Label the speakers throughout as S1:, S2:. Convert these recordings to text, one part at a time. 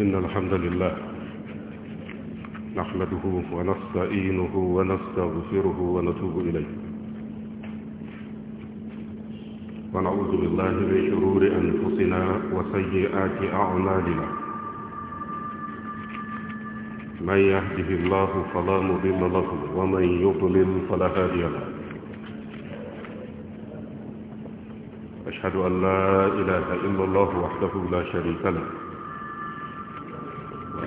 S1: إن الحمد لله نحمده ونستعينه ونستغفره ونتوب إليه ونعوذ بالله من شرور أنفسنا وسيئات أعمالنا من يهده الله فلا مضل له ومن يضلل فلا هادي له أشهد أن لا إله إلا الله وحده لا شريك له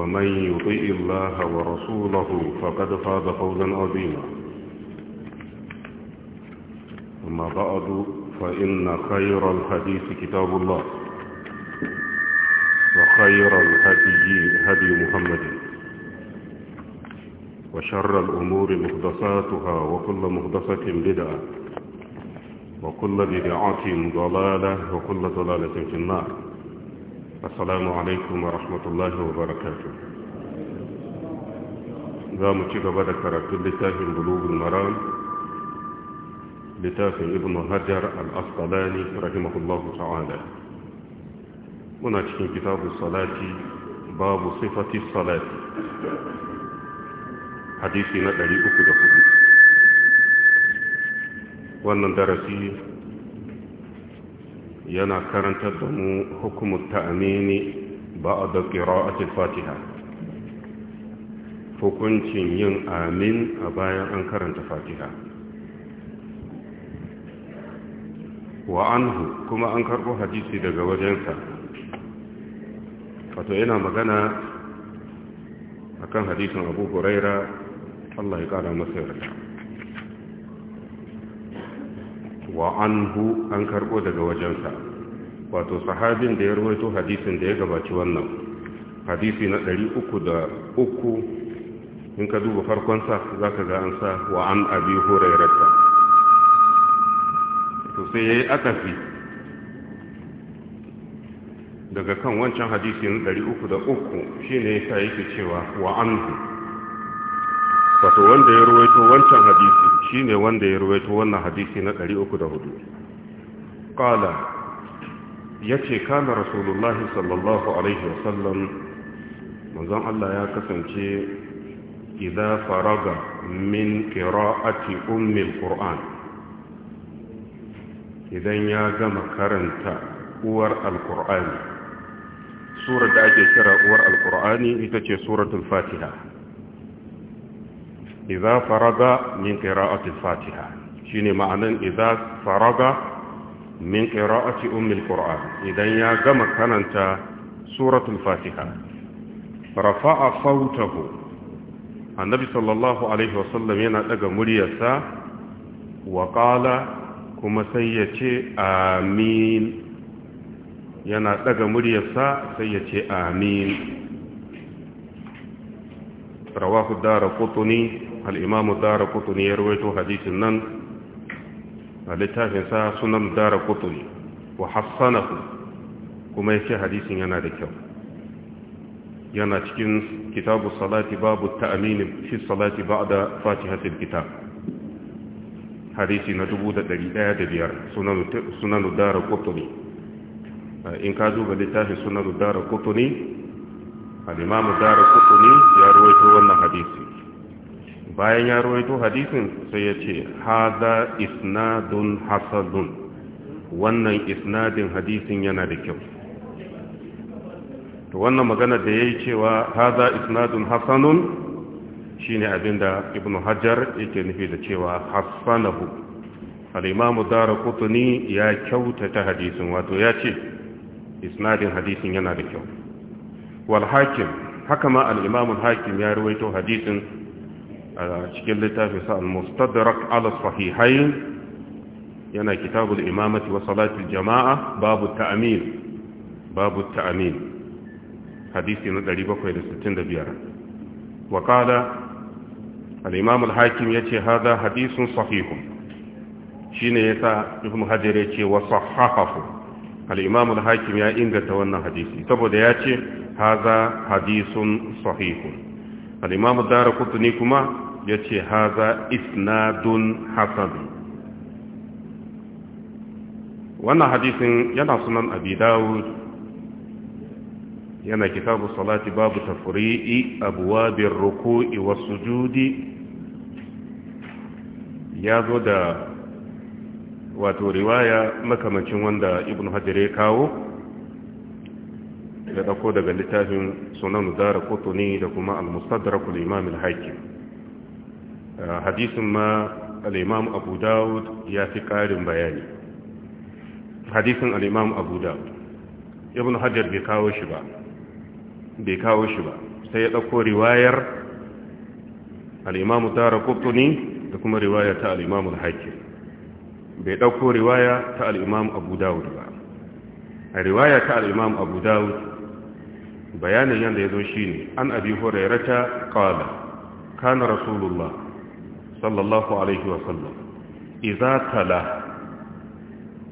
S1: ومن يطيء الله ورسوله فقد فاز فوزا عظيما أما بعد فإن خير الحديث كتاب الله وخير الهدي هدي محمد وشر الأمور مهدساتها وكل مهدسة بدعة وكل بدعة ضلالة وكل ضلالة في النار السلام عليكم ورحمة الله وبركاته زام تجربة كرات لتاه بلوغ المرام لتاه ابن هجر الأسقلاني رحمه الله تعالى مناجح كتاب الصلاة باب صفة الصلاة حديثنا الذي أكد وأن درسي yana karantar da mu hukumar ta'amini ba a da ƙira'atul fatiha hukuncin yin amin a bayan an karanta fatiha wa anhu kuma an karɓo hadisi daga wajensa wato yana magana a kan hadisin abu huraira Allah ya ƙara masa yarda wa anhu an karbo daga wajensa wato sahabin da ya rawaito hadisin da ya gabaci wannan hadisi na 303 in ka duba farkon sa zaka ga an sa wa an abi hurairata to sai yayi akafi daga kan wancan hadisin 303 shine sai yake cewa wa anhu wato wanda ya rawaito wancan hadisi Shi ne wanda ya ruwaito wannan hadisi na 304 qala yace kana rasulullahi sallallahu alaihi wasallam manzon Allah ya kasance idza faraga min qira'ati ummi alquran idan ya gama karanta uwar alqur'ani surar da ake kira uwar alqur'ani ita ce suratul fatiha Iza faraga min qira'ati al-fatiha shine ma'anan iza faraga min qira'ati ummi al-qur'an idan ya gama karanta suratul fatiha rafa'a sautahu annabi sallallahu alaihi wasallam yana daga muryarsa wa qala kuma sai yace amin yana daga muryarsa sai yace amin rawahu dara kutuni al'imamu dara kutuni ya rawaito hadisin nan a littafinsa sunan dara kutuni wa hassanahu kuma ya ce hadisin yana da kyau yana cikin kitabu salati babu ta'amini fi salati ba da fatihatul kitab hadisi na dubu da da ɗari biyar sunan dara kutuni in ka duba littafin sunan dara dara ya rawaito wannan hadisi bayan ya rawaito hadisin sai ya ce haza isnadun hasadun wannan isnadin hadisin yana da kyau to wannan magana da ya yi cewa haza isnadun hasanun shine abinda ibnu Hajar yake nufi da cewa hassanahu al'imamu dara kutuni ya kyautata hadisin wato ya ce isnadin hadisin yana da kyau wal hakim haka ma al'imamun hakim ya ruwaito hadisin a cikin littafin sa al-mustadrak ala sahihain yana kitabul imamati wa salatul jama'a babu ta'amin babu ta'amin hadisi na 765 wa qala al-imam al-hakim ce haza hadisun sahihun shine yasa ibnu hajar yace wa sahahahu al-imam al-hakim ya inganta wannan hadisi saboda ya ce haza hadisun sahihun al dara ad-darqutni kuma ya ce haza isnadun hasan wannan hadisin yana sunan abi dawud yana kitabu salati babu tafri'i abwabir ruku'i was sujudi ya zo da wato riwaya makamancin wanda ibn hajar ya kawo ya dauko daga littafin sunan zara kotuni da kuma al-mustadrakul imam al-hakim hadisin ma al'imam abu dawud ya fi ƙarin bayani hadisin al'imam abu dawud ibn hajjar bai kawo shi ba bai kawo shi ba sai ya ɗauko riwayar al'imamu tara kuttuni da kuma riwaya ta al'imamun haƙƙi bai ɗauko riwaya ta al'imam abu dawud ba a riwaya ta al'imam abu dawud bayanin yadda ya zo shi ne an abi horarata ƙwala kana rasulullah sallallahu alaihi wasallam iza tala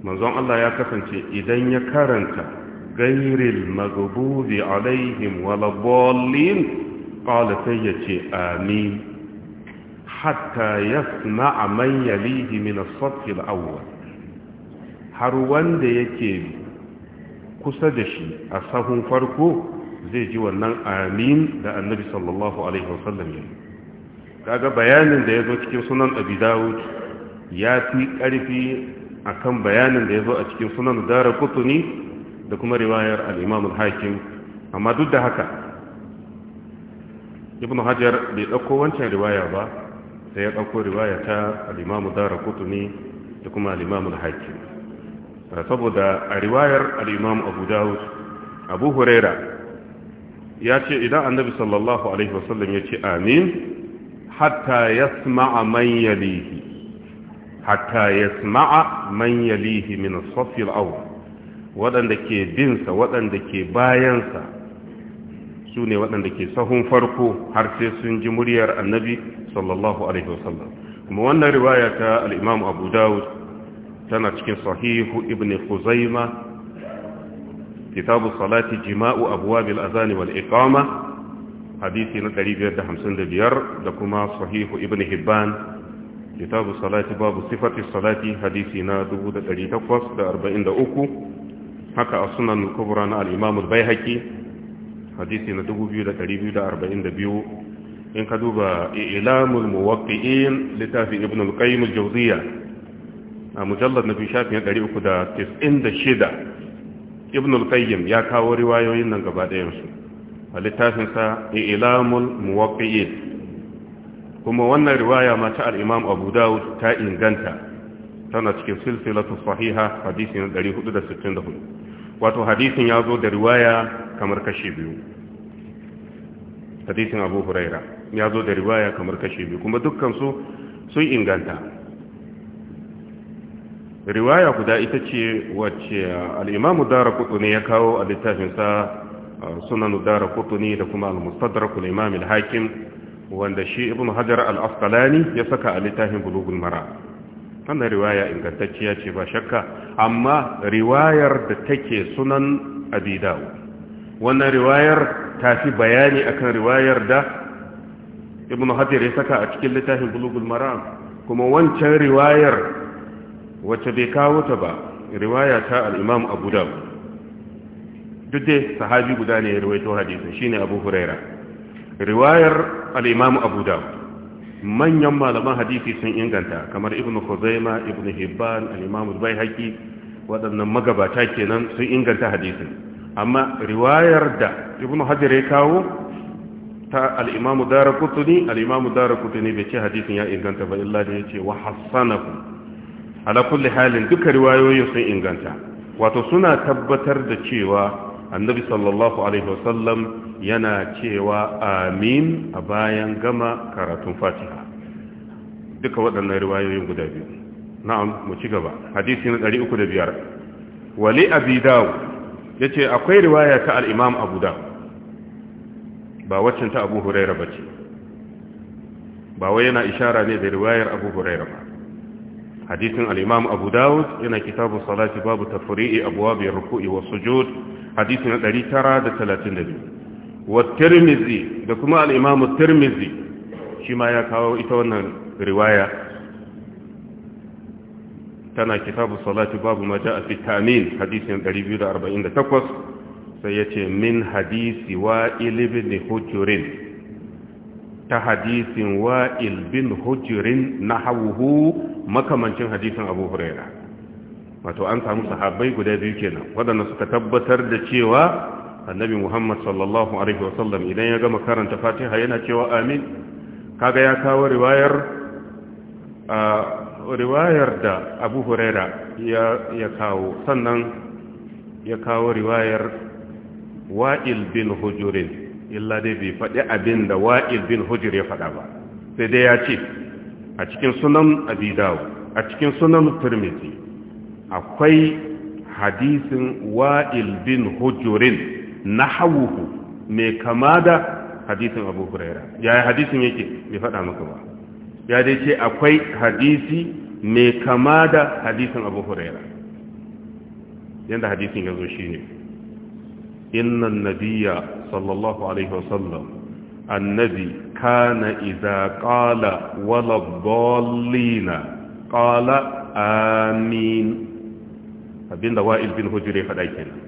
S1: manzon Allah ya kasance idan ya karanta gairil maghdubi alaihim waladdallin qala sai yace amin hatta yasma'a man yalihi min as-saff al-awwal har wanda yake kusa da shi a sahun farko zai ji wannan amin da annabi sallallahu alaihi wasallam ya yi kaga bayanin da ya zo cikin sunan abi dawud ya fi ƙarfi akan bayanin da ya zo a cikin sunan dara kutuni da kuma riwayar al'imamun hakim amma duk da haka ibn hajjar bai ɗauko wancan riwaya ba sai ya ɗauko riwaya ta al'imamun dara kutuni da kuma al'imamun hakim saboda a riwayar al'imamun abu dawud abu huraira ya ce idan annabi sallallahu alaihi wasallam ya ce amin hatta yasma'a man yalihi hatta yasma'a man yalihi min as waɗanda ke binsa waɗanda ke bayansa su ne waɗanda ke sahun farko har sai sun ji muryar annabi sallallahu alaihi wasallam kuma wannan riwaya ta al-imam abu dawud tana cikin sahihu ibn khuzaima kitabu salati jima'u abwabil azani wal iqama hadisi na 555 da kuma sahihu ibn hibban kitabu salati babu sifati salati hadisi na 1843 haka a sunan kubra na al'imamul bai haƙi hadisi na 2242 in ka duba ilamul muwaƙi'in littafi ibn al a mujallar na biyu shafin 396 ibn al-qayyim ya kawo riwayoyin nan gaba ɗayansu a littafinsa ilamul muwaqqi'in kuma wannan riwaya ma al'imam Abu Dawud ta inganta tana cikin silsilatu sahiha hadisi 464 wato hadisin ya zo da riwaya kamar kashi biyu hadisin Abu Huraira ya zo da riwaya kamar kashi biyu kuma dukkan su sun inganta riwaya guda ita ce wacce al'imamu al-Imam ne ya kawo a littafinsa sunan dara kutuni da kuma al-mustadrakul imam al-hakim wanda shi ibn hajar al-asqalani ya saka a littafin bulugul mara wannan riwaya ingantacciya ce ba shakka amma riwayar da take sunan abi wannan riwayar ta fi bayani akan riwayar da ibn hajar ya saka a cikin littafin bulugul mara kuma wancan riwayar wacce bai kawo ta ba riwaya ta al-imam abu dawud duk dai sahabi guda ne ya rawaito hadisin shine Abu Huraira riwayar al-Imam Abu Dawud manyan malaman hadisi sun inganta kamar Ibn Khuzaima Ibn Hibban al-Imam Al-Baihaqi waɗannan magabata kenan sun inganta hadisin amma riwayar da Ibn Hajar ya kawo ta al-Imam Daraqutni al-Imam Daraqutni bai ce hadisin ya inganta ba illa da yace wa hasanahu ala kulli halin duka riwayoyin sun inganta wato suna tabbatar da cewa annabi sallallahu alaihi wasallam yana cewa amin a bayan gama karatun fatiha duka waɗannan riwayoyin guda biyu na'am mu ci gaba hadisi na 305 wali abi dawo yace akwai riwaya ta al-imam abu dawo ba waccan ta abu huraira bace ba wai yana ishara ne da riwayar abu huraira ba hadisin al-imam abu dawud yana kitabu salati babu tafri'i abwabi ruku'i was sujud hadisi na 932 wa tirmizi da kuma al-imamu tirmizi shima ya kawo ita wannan riwaya tana kitabu salati babu ma ja'a fi tamin hadisi na 248 sai yace min hadisi wa'il ibn hujrin ta hadisin wa'il bin hujirin na hauhu makamancin hadisin abu huraira wato an samu sahabbai guda biyu kenan wadanda suka tabbatar da cewa annabi Muhammad sallallahu alaihi wasallam idan ya gama karanta Fatiha yana cewa amin kaga ya kawo riwayar riwayar da Abu Huraira ya kawo sannan ya kawo riwayar Wa'il bin Hujr illa dai bai faɗi abin da Wa'il bin Hujr ya faɗa ba sai dai ya ce a cikin sunan Abi a cikin sunan Tirmidhi akwai hadisin wa'il bin hujurin na hawuhu mai kama da hadisin abu huraira yaya hadisin yake mai faɗa maka ba ya dai ce akwai hadisi mai kama da hadisin abu huraira yadda hadisin ya zo shi ne innan nabiya sallallahu alaihi wasallam annabi kana iza kala wala dallina kala amin abinda wa'il bin ya faɗa kenan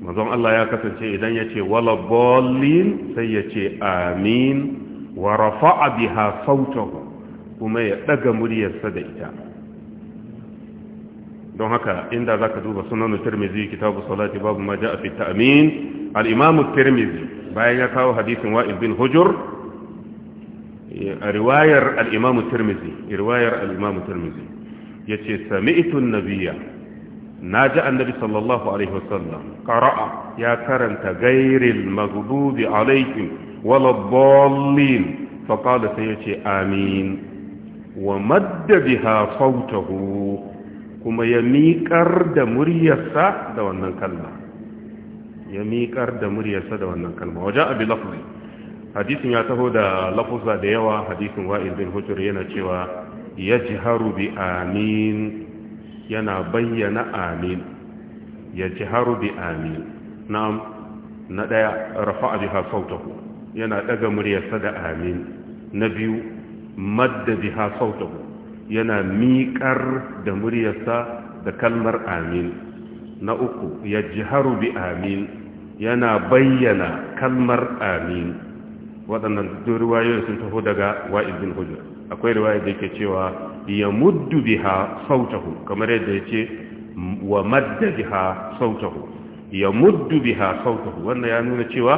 S1: manzon Allah ya kasance idan ya ce wala bolin sai ya ce amin wa rafa'a biha sautahu kuma ya daga muryarsa da ita don haka inda zaka duba sunan tirmizi kitabu salati babu ma ja'a fi ta'min al-imam tirmizi bayan ya kawo hadisin wa'il bin hujjur, riwayar al-imam tirmizi riwayar al-imam tirmizi yace sami'tu an-nabiyya na ji annabi sallallahu alaihi wasallam qara'a ya karanta gairil maghdubi alaihim wala dallin fa qala sai yace amin wa madda biha sautahu kuma ya miƙar da muryarsa da wannan kalma ya miƙar da muryarsa da wannan kalma wajen abi lafzi hadisin ya taho da lafusa da yawa hadisin wa'il bin hujr yana cewa yajharu bi amin yana bayyana amin ya ji bi amin na na ɗaya rafa biha sautahu yana ɗaga muryarsa da amin na biyu madda biha sautahu yana miƙar da muryarsa da kalmar amin na uku ya ji haru bi amin yana bayyana kalmar amin waɗannan duk riwayoyin sun taho daga wa'idin bin hujjar akwai riwaya da ke cewa ya muddu biha sautahu kamar yadda ya ce wa madda biha sautahu ya muddu biha sautahu wannan ya nuna cewa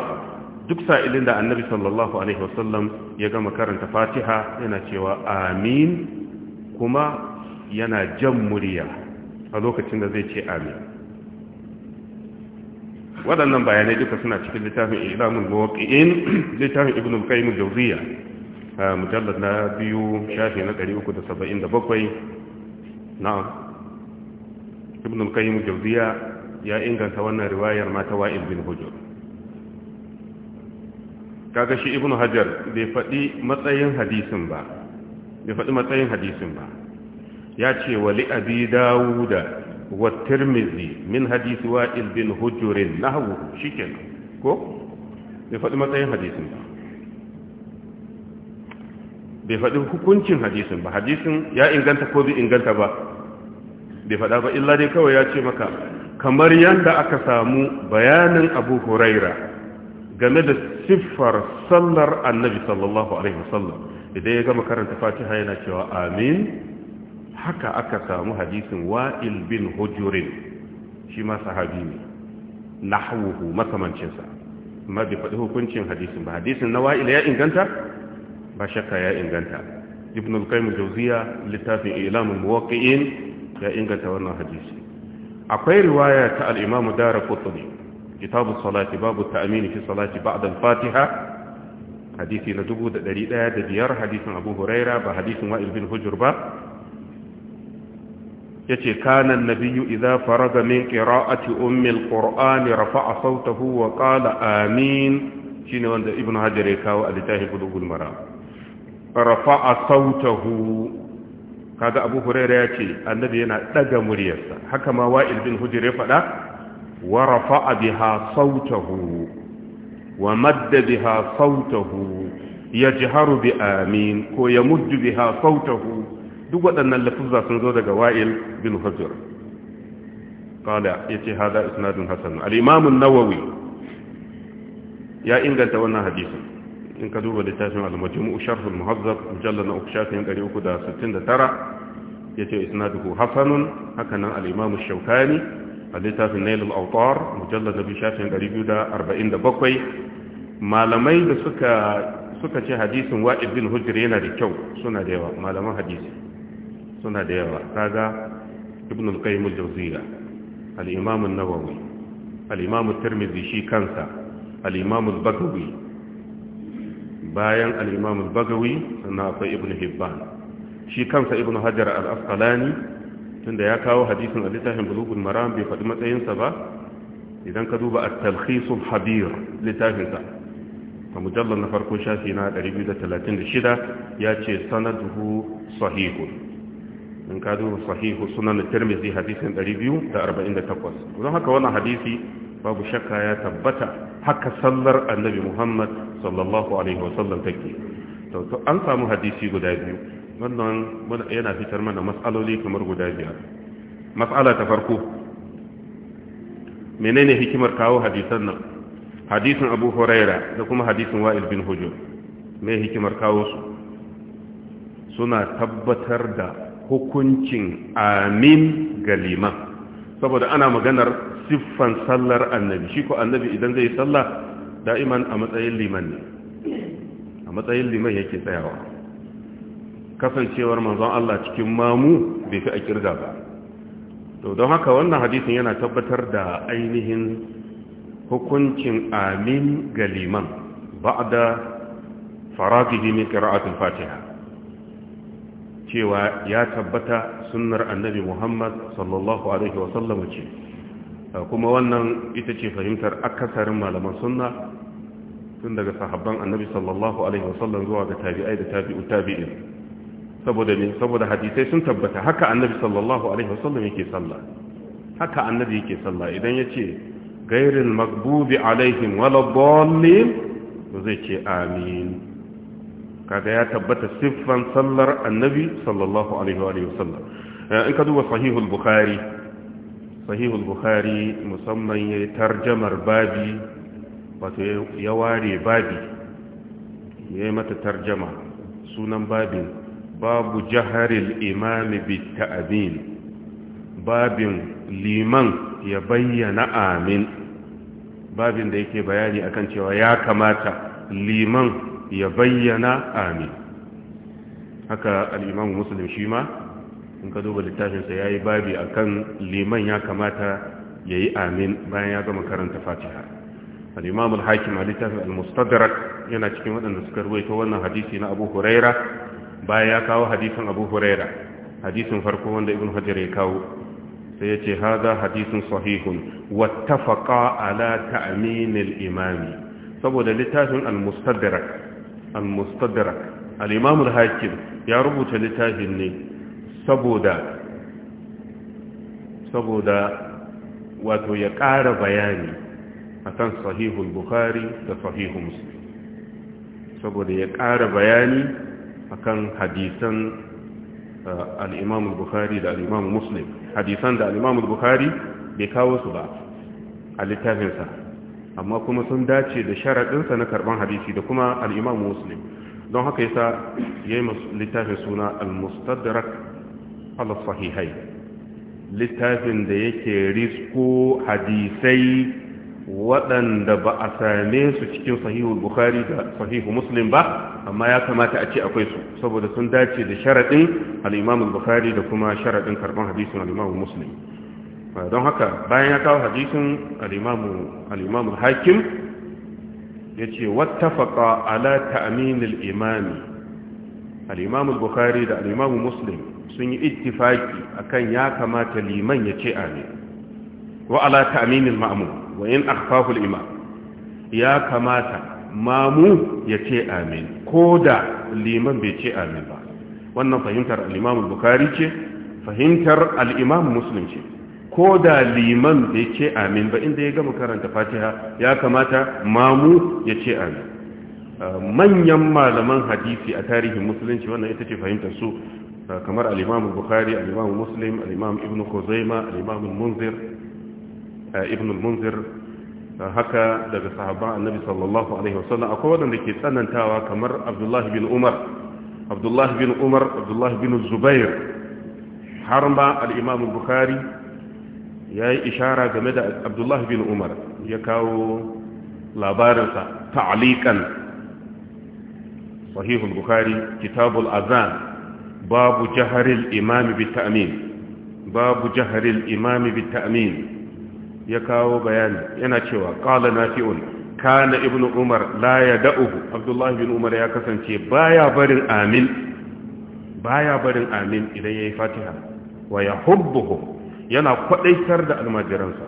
S1: duk sa'ilin da annabi sallallahu alaihi wasallam ya gama karanta fatiha yana cewa amin kuma yana jan murya a lokacin da zai ce amin waɗannan bayanai duka suna cikin littafin littafin ibn al-qayyim al-jawziyya mujallar na biyu shafi na 377 na ibn al-qayyim jawziya ya inganta wannan riwayar mata wa'il bin hujur kaga shi ibn hajar bai faɗi matsayin hadisin ba bai faɗi matsayin hadisin ba ya ce wa li abi dawuda wa tirmidhi min hadisi wa'il bin hujur nahwu shikenan ko bai faɗi matsayin hadisin ba bai faɗi hukuncin hadisin ba hadisin ya inganta ko bai inganta ba bai faɗa ba illa dai kawai ya ce maka kamar yadda aka samu bayanin abu huraira game da siffar sallar annabi sallallahu alaihi wasallam idan ya gama karanta fatiha yana cewa amin haka aka samu hadisin wa'il bin hujurin shi ma sahabi ne nahwuhu makamancinsa amma bai faɗi hukuncin hadisin ba hadisin na wa'il ya inganta ba ya inganta ibn al-qayyim jawziya ilam al muwaqqi'in ya inganta wannan hadisi akwai riwaya ta al-imam darqutni kitab as salat bab at ta'min fi salati ba'da al-fatiha hadisi na 1105 hadisin abu huraira ba hadisin wa'il bin hujr ba yace kana an-nabiyyu idha faraga min qira'ati ummi al-qur'ani rafa'a sawtahu wa qala amin shine wanda ibn hajar ya kawo al-tahibul bulugul rafa'a sautahu kaga abu huraira ya ce annabi yana daga muryarsa haka ma wa'il bin hujr ya faɗa wa rafa'a biha sautahu wa madda biha sautahu jiharu bi amin ko ya muddu biha sautahu duk waɗannan lafuzza sun zo daga wa'il bin hujr qala yace hada isnadun hasan al-imam an-nawawi ya inganta wannan hadisin in ka duba littafin al-majmu'u sharh al-muhazzab mujallal na ukshafin 369 yace isnaduhu hasanun haka nan al-imam ash-shawkani a littafin nail al-awtar mujallal na bishafin 247 malamai da suka suka ce hadisin wa'id bin hujr yana da kyau suna da yawa malaman hadisi suna da yawa kaga ibn al-qayyim al-jawziyya al-imam an-nawawi al-imam at-tirmidhi shi kansa al-imam al-bagawi bayan al bagawi sannan akwai ibn hibban shi kansa ibn hajar al tun tunda ya kawo hadisin a littafin bulugul maram bai faɗi matsayinsa ba idan ka duba a talkhisul habir littafinsa a mujallar na farko shafi na 236 ya ce sanaduhu sahihu in ka duba sahihu sunan tirmidhi hadisin 248 don haka wannan hadisi babu shakka ya tabbata haka sallar annabi muhammad sallallahu alaihi wasallam take to an samu hadisi guda biyu wannan yana fitar mana matsaloli kamar guda biyar masala ta farko menene hikimar kawo hadisan nan hadisin abu huraira da kuma hadisin wa'il bin hujur me hikimar kawo su suna tabbatar da hukuncin amin ga liman saboda ana maganar siffan sallar annabi shi ko annabi idan zai sallah da'iman a matsayin liman ne a matsayin liman yake tsayawa kasancewar manzon Allah cikin mamu bai fi a kirga ba to don haka wannan hadisin yana tabbatar da ainihin hukuncin amin ga liman ba'da faragihi min qira'atul fatiha cewa ya tabbata sunnar annabi muhammad sallallahu alaihi wasallam ce kuma wannan ita ce fahimtar akasarin malaman sunna tun daga sahabban annabi sallallahu alaihi wasallam zuwa ga tabi'ai da tabi'u tabi'in saboda ne saboda hadisai sun tabbata haka annabi sallallahu alaihi wasallam yake sallah haka annabi yake sallah idan ya yace ghairil maghdubi alaihim waladdallin zai ce amin kaga ya tabbata siffan sallar annabi sallallahu alaihi wa sallam eh, in ka duba sahihul bukhari sahihul bukhari musamman ya tarjamar babi wato ya ware babi ya yi mata tarjama sunan babin babu jaharil imami bi ta'amin babin liman ya bayyana amin babin da yake bayani akan cewa ya kamata liman ya bayyana amin haka al'imam musulun shi ma in ka duba littafinsa ya yi babi a kan liman ya kamata ya yi amin bayan ya gama karanta fatiha al'imam al-hakim a littafin al-mustadrak yana cikin waɗanda suka ruwaito wannan hadisi na abu huraira bayan ya kawo hadisin abu huraira hadisin farko wanda ibn hajar ya kawo sai ya ce haza hadisin sahihun wattafaka ala ta'aminil imami saboda littafin al-mustadrak al-mustadrak al-imam al-hakim ya rubuta littafin ne saboda saboda wato ya ƙara bayani akan sahihul bukhari da sahihu muslim saboda ya ƙara bayani akan hadisan uh, al-imam al-bukhari da al-imam muslim hadisan da al-imam al-bukhari bai kawo su ba a littafinsa amma kuma sun dace da sharaɗinsa na karɓar hadisi da kuma al'imam muslim don haka yasa ya yi littafin suna al-mustadrak al-sahihai littafin da yake risko hadisai waɗanda ba a same su cikin sahihu bukhari da sahihu muslim ba amma ya kamata a ce akwai su saboda sun dace da sharaɗin al-imam da kuma sharaɗin karɓar hadisin al muslim Ah, don haka bayan ya kawo hadisin al'imamu hakim ya ce wattafaka ala ta'aminil imami al'imamu bukari da al'imamu muslim sun yi ittifaki akan ya kamata liman ya ce amin wa ala ta'aminil ma'amu wa in akhfahul imam ya kamata mamu ya ce amin ko da liman bai ce amin ba wannan fahimtar al'imamu bukari ce fahimtar al'imamu muslim ce ko da liman bai ce amin ba inda ya gama karanta fatiha ya kamata mamu ya ce amin uh, manyan malaman hadisi a tarihin musulunci wannan ita ce fahimtar su uh, kamar al-imam bukhari al-imam muslim al-imam ibn khuzaima al-imam munzir uh, ibn munzir haka daga sahabban annabi sallallahu alaihi wasallam akwai wanda ke tsanantawa kamar abdullahi bin umar abdullahi bin umar abdullahi bin zubair har ma al-imam bukhari ya yi ishara game da abdullahi bin umar ya kawo labarinsa ta'alikan sahihul bukari kitabul azan babu jaharil imami bi babu jaharil imami bi ya kawo bayani yana cewa qala nafi'un kana ibnu umar la ya da'uhu abdullahi bin umar ya kasance baya barin amin baya barin amin idan yayi fatiha wa ya yahubbuhu yana kwadaitar da almajiransa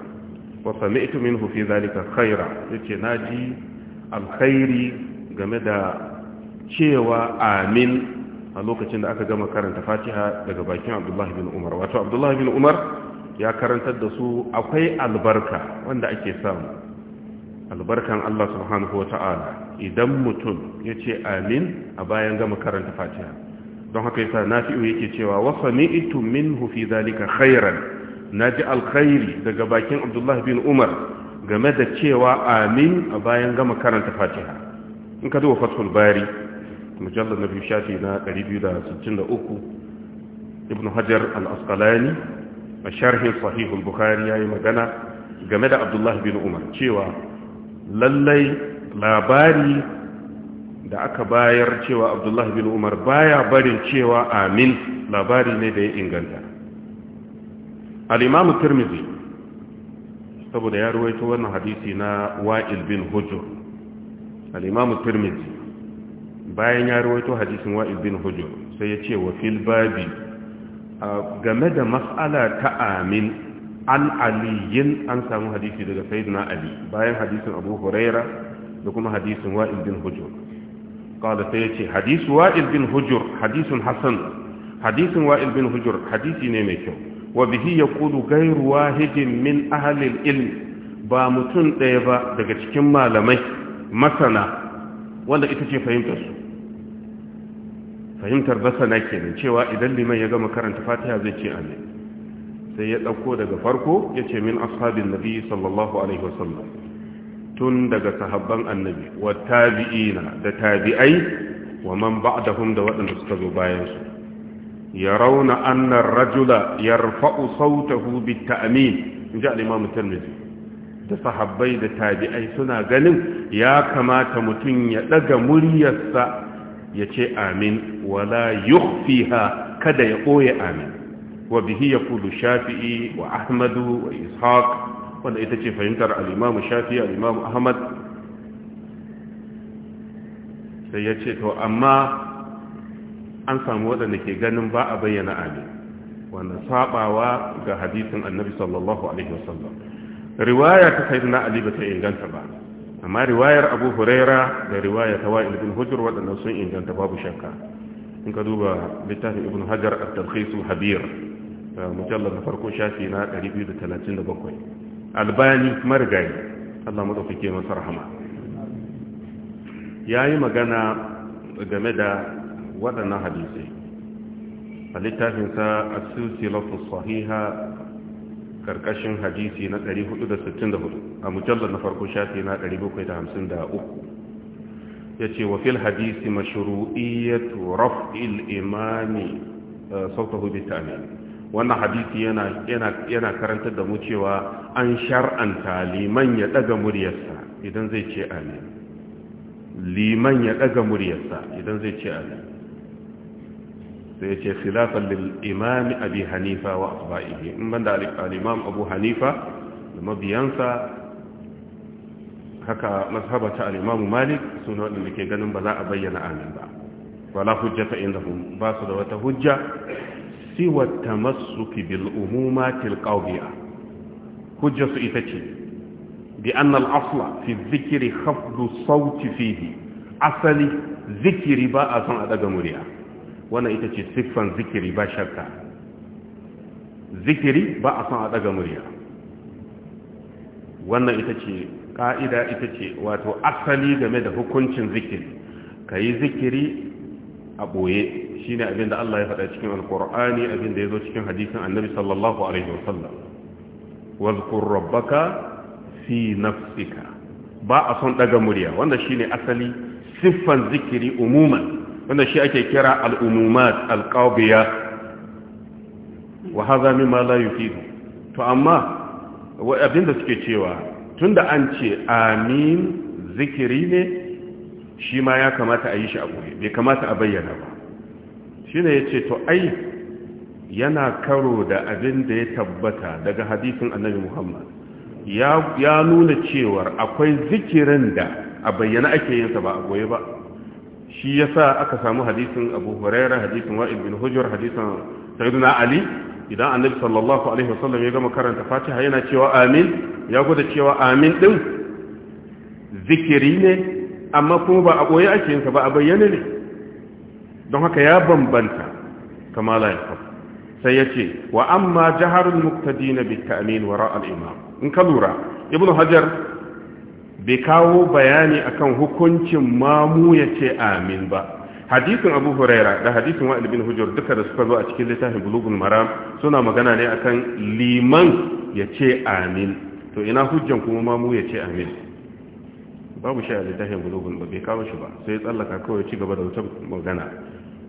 S1: wa sami'tu minhu fi zalika khaira yace naji alkhairi game da cewa amin a lokacin da aka gama karanta Fatiha daga bakin Abdullah bin Umar wato Abdullah bin Umar ya karantar da su akwai albarka wanda ake samu albarkan Allah subhanahu wata'ala idan mutum yace amin a bayan gama karanta Fatiha don haka yasa nafi'u yake cewa wa sami'tu minhu fi zalika khairan na ji alkhairi daga bakin abdullahi bin umar game da cewa amin a bayan gama karanta fatiha in ka zuwa fatul bari mujallar na biyu shafi na 263 ibn hajar al-asqalani a sharhin sahihul bukhari ya yi magana game da abdullahi bin umar cewa lallai labari da aka bayar cewa abdullahi bin umar baya barin cewa amin labari ne da ya inganta al-imam tirmidhi saboda ya ruwaito wannan hadisi na wa'il bin hujur alimamu imam tirmidhi bayan ya ruwaito hadisin wa'il bin hujur sai ya ce wa fil babi game da matsala ta amin an aliyin an samu hadisi daga sayyidina ali bayan hadisin abu huraira da kuma hadisin wa'il bin hujur qala sai ya ce hadisu wa'il bin hujur hadisun Hassan hadisin wa'il bin hujur hadisi ne mai kyau wa bihi yaqulu gairuwa wahidin min ahalin ilmi ba mutum ɗaya ba daga cikin malamai masana wanda ita ce fahimtar su fahimtar basana kenan cewa idan liman ya gama karanta fatiha zai ce amin sai ya dauko daga farko ya ce min ashabin nabi sallallahu alaihi wasallam tun daga sahabban annabi wa tabi'ina da tabi'ai wa man ba'dahum da waɗanda suka zo bayan su يرون أن الرجل يرفع صوته بالتأمين جاء الإمام الترمذي da sahabbai da tabi'ai suna ganin ya kamata mutum ya daga muryarsa ya ce amin wala yukhfiha kada ya ɓoye amin wa bihi kudu shafi'i wa ahmadu wa ishaq wanda ita ce fahimtar al shafi'i al ahmad sai ya ce to amma an samu waɗanda ke ganin ba a bayyana ali wanda sabawa ga hadisin annabi sallallahu alaihi wasallam riwaya ta sayyidina ali bata inganta ba amma riwayar abu huraira da riwaya ta wa'il bin hujr waɗanda sun inganta babu shakka in ka duba littafin ibn hajar at-tarkhis al-habir mujallad na farko shafi na 237 albani marigayi Allah madaukake masa rahama yayi magana game da waɗannan hadisai a littafinsa a silsilatu sahiha karkashin hadisi na 464 a mujallar na farko shafi na 753 ya ce wa fil hadisi mashru'iyyatu raf'il imami eh, sautahu bi ta'min wannan hadisi yana yana karantar da mu cewa an shar'anta liman ya daga muryarsa idan zai ce amin liman ya daga muryarsa idan zai ce amin sai ya ce lil imami abi hanifa wa asba'ihi in banda al-imam abu hanifa da mabiyansa haka mazhaba ta al-imam malik suna wadanda ke ganin ba za a bayyana amin ba wala hujjata indahum ba su da wata hujja siwa tamassuki bil umumatil qawbiya hujja su ita ce bi anna al-asla fi dhikri khafdu sawti fihi asali zikiri ba a son a daga murya wannan ita ce siffan zikiri ba shakka zikiri ba a san a daga murya wannan ita ce ka'ida ita ce wato asali game da hukuncin zikiri ka yi zikiri a ɓoye shi ne abinda Allah ya faɗa cikin alkur'ani abinda ya zo cikin hadisin annabi sallallahu alaihi wasallam wazkur rabbaka fi nafsika ba a son daga murya wanda shi ne asali siffan zikiri umuman wanda shi ake kira al’ummat alƙaubiya wa haza mimma la yufidu to amma abinda suke cewa tun da an ce amin zikiri ne shi ma ya kamata a yi shi a goye bai kamata a bayyana ba shi ne ya ce to ai yana karo da abin da ya tabbata daga hadisin annabi muhammad ya nuna cewar akwai zikirin da a bayyana ake yinsa ba a goye ba shi yasa aka samu hadisin Abu Hurairah hadisin Wa'il bin Hujr Sayyidina Ali idan Annabi sallallahu alaihi wasallam ya gama karanta Fatiha yana cewa amin ya gwada cewa amin din zikiri ne amma kuma ba a ɓoye ake yin ba a bayyane ne don haka ya bambanta kama la yakun sai yace wa amma jaharul na bit ta'min wara al imam in ka lura ibnu hajar bai kawo bayani akan hukuncin mamu ya ce amin ba hadisin abu huraira da hadisin wa'il bin hujjar duka da suka zo a cikin littafin bulugun maram suna magana ne akan liman ya ce amin to ina hujjan kuma mamu ya ce amin babu shi a littafin bulugun ba bai kawo shi ba sai tsallaka kawai ci gaba da wata magana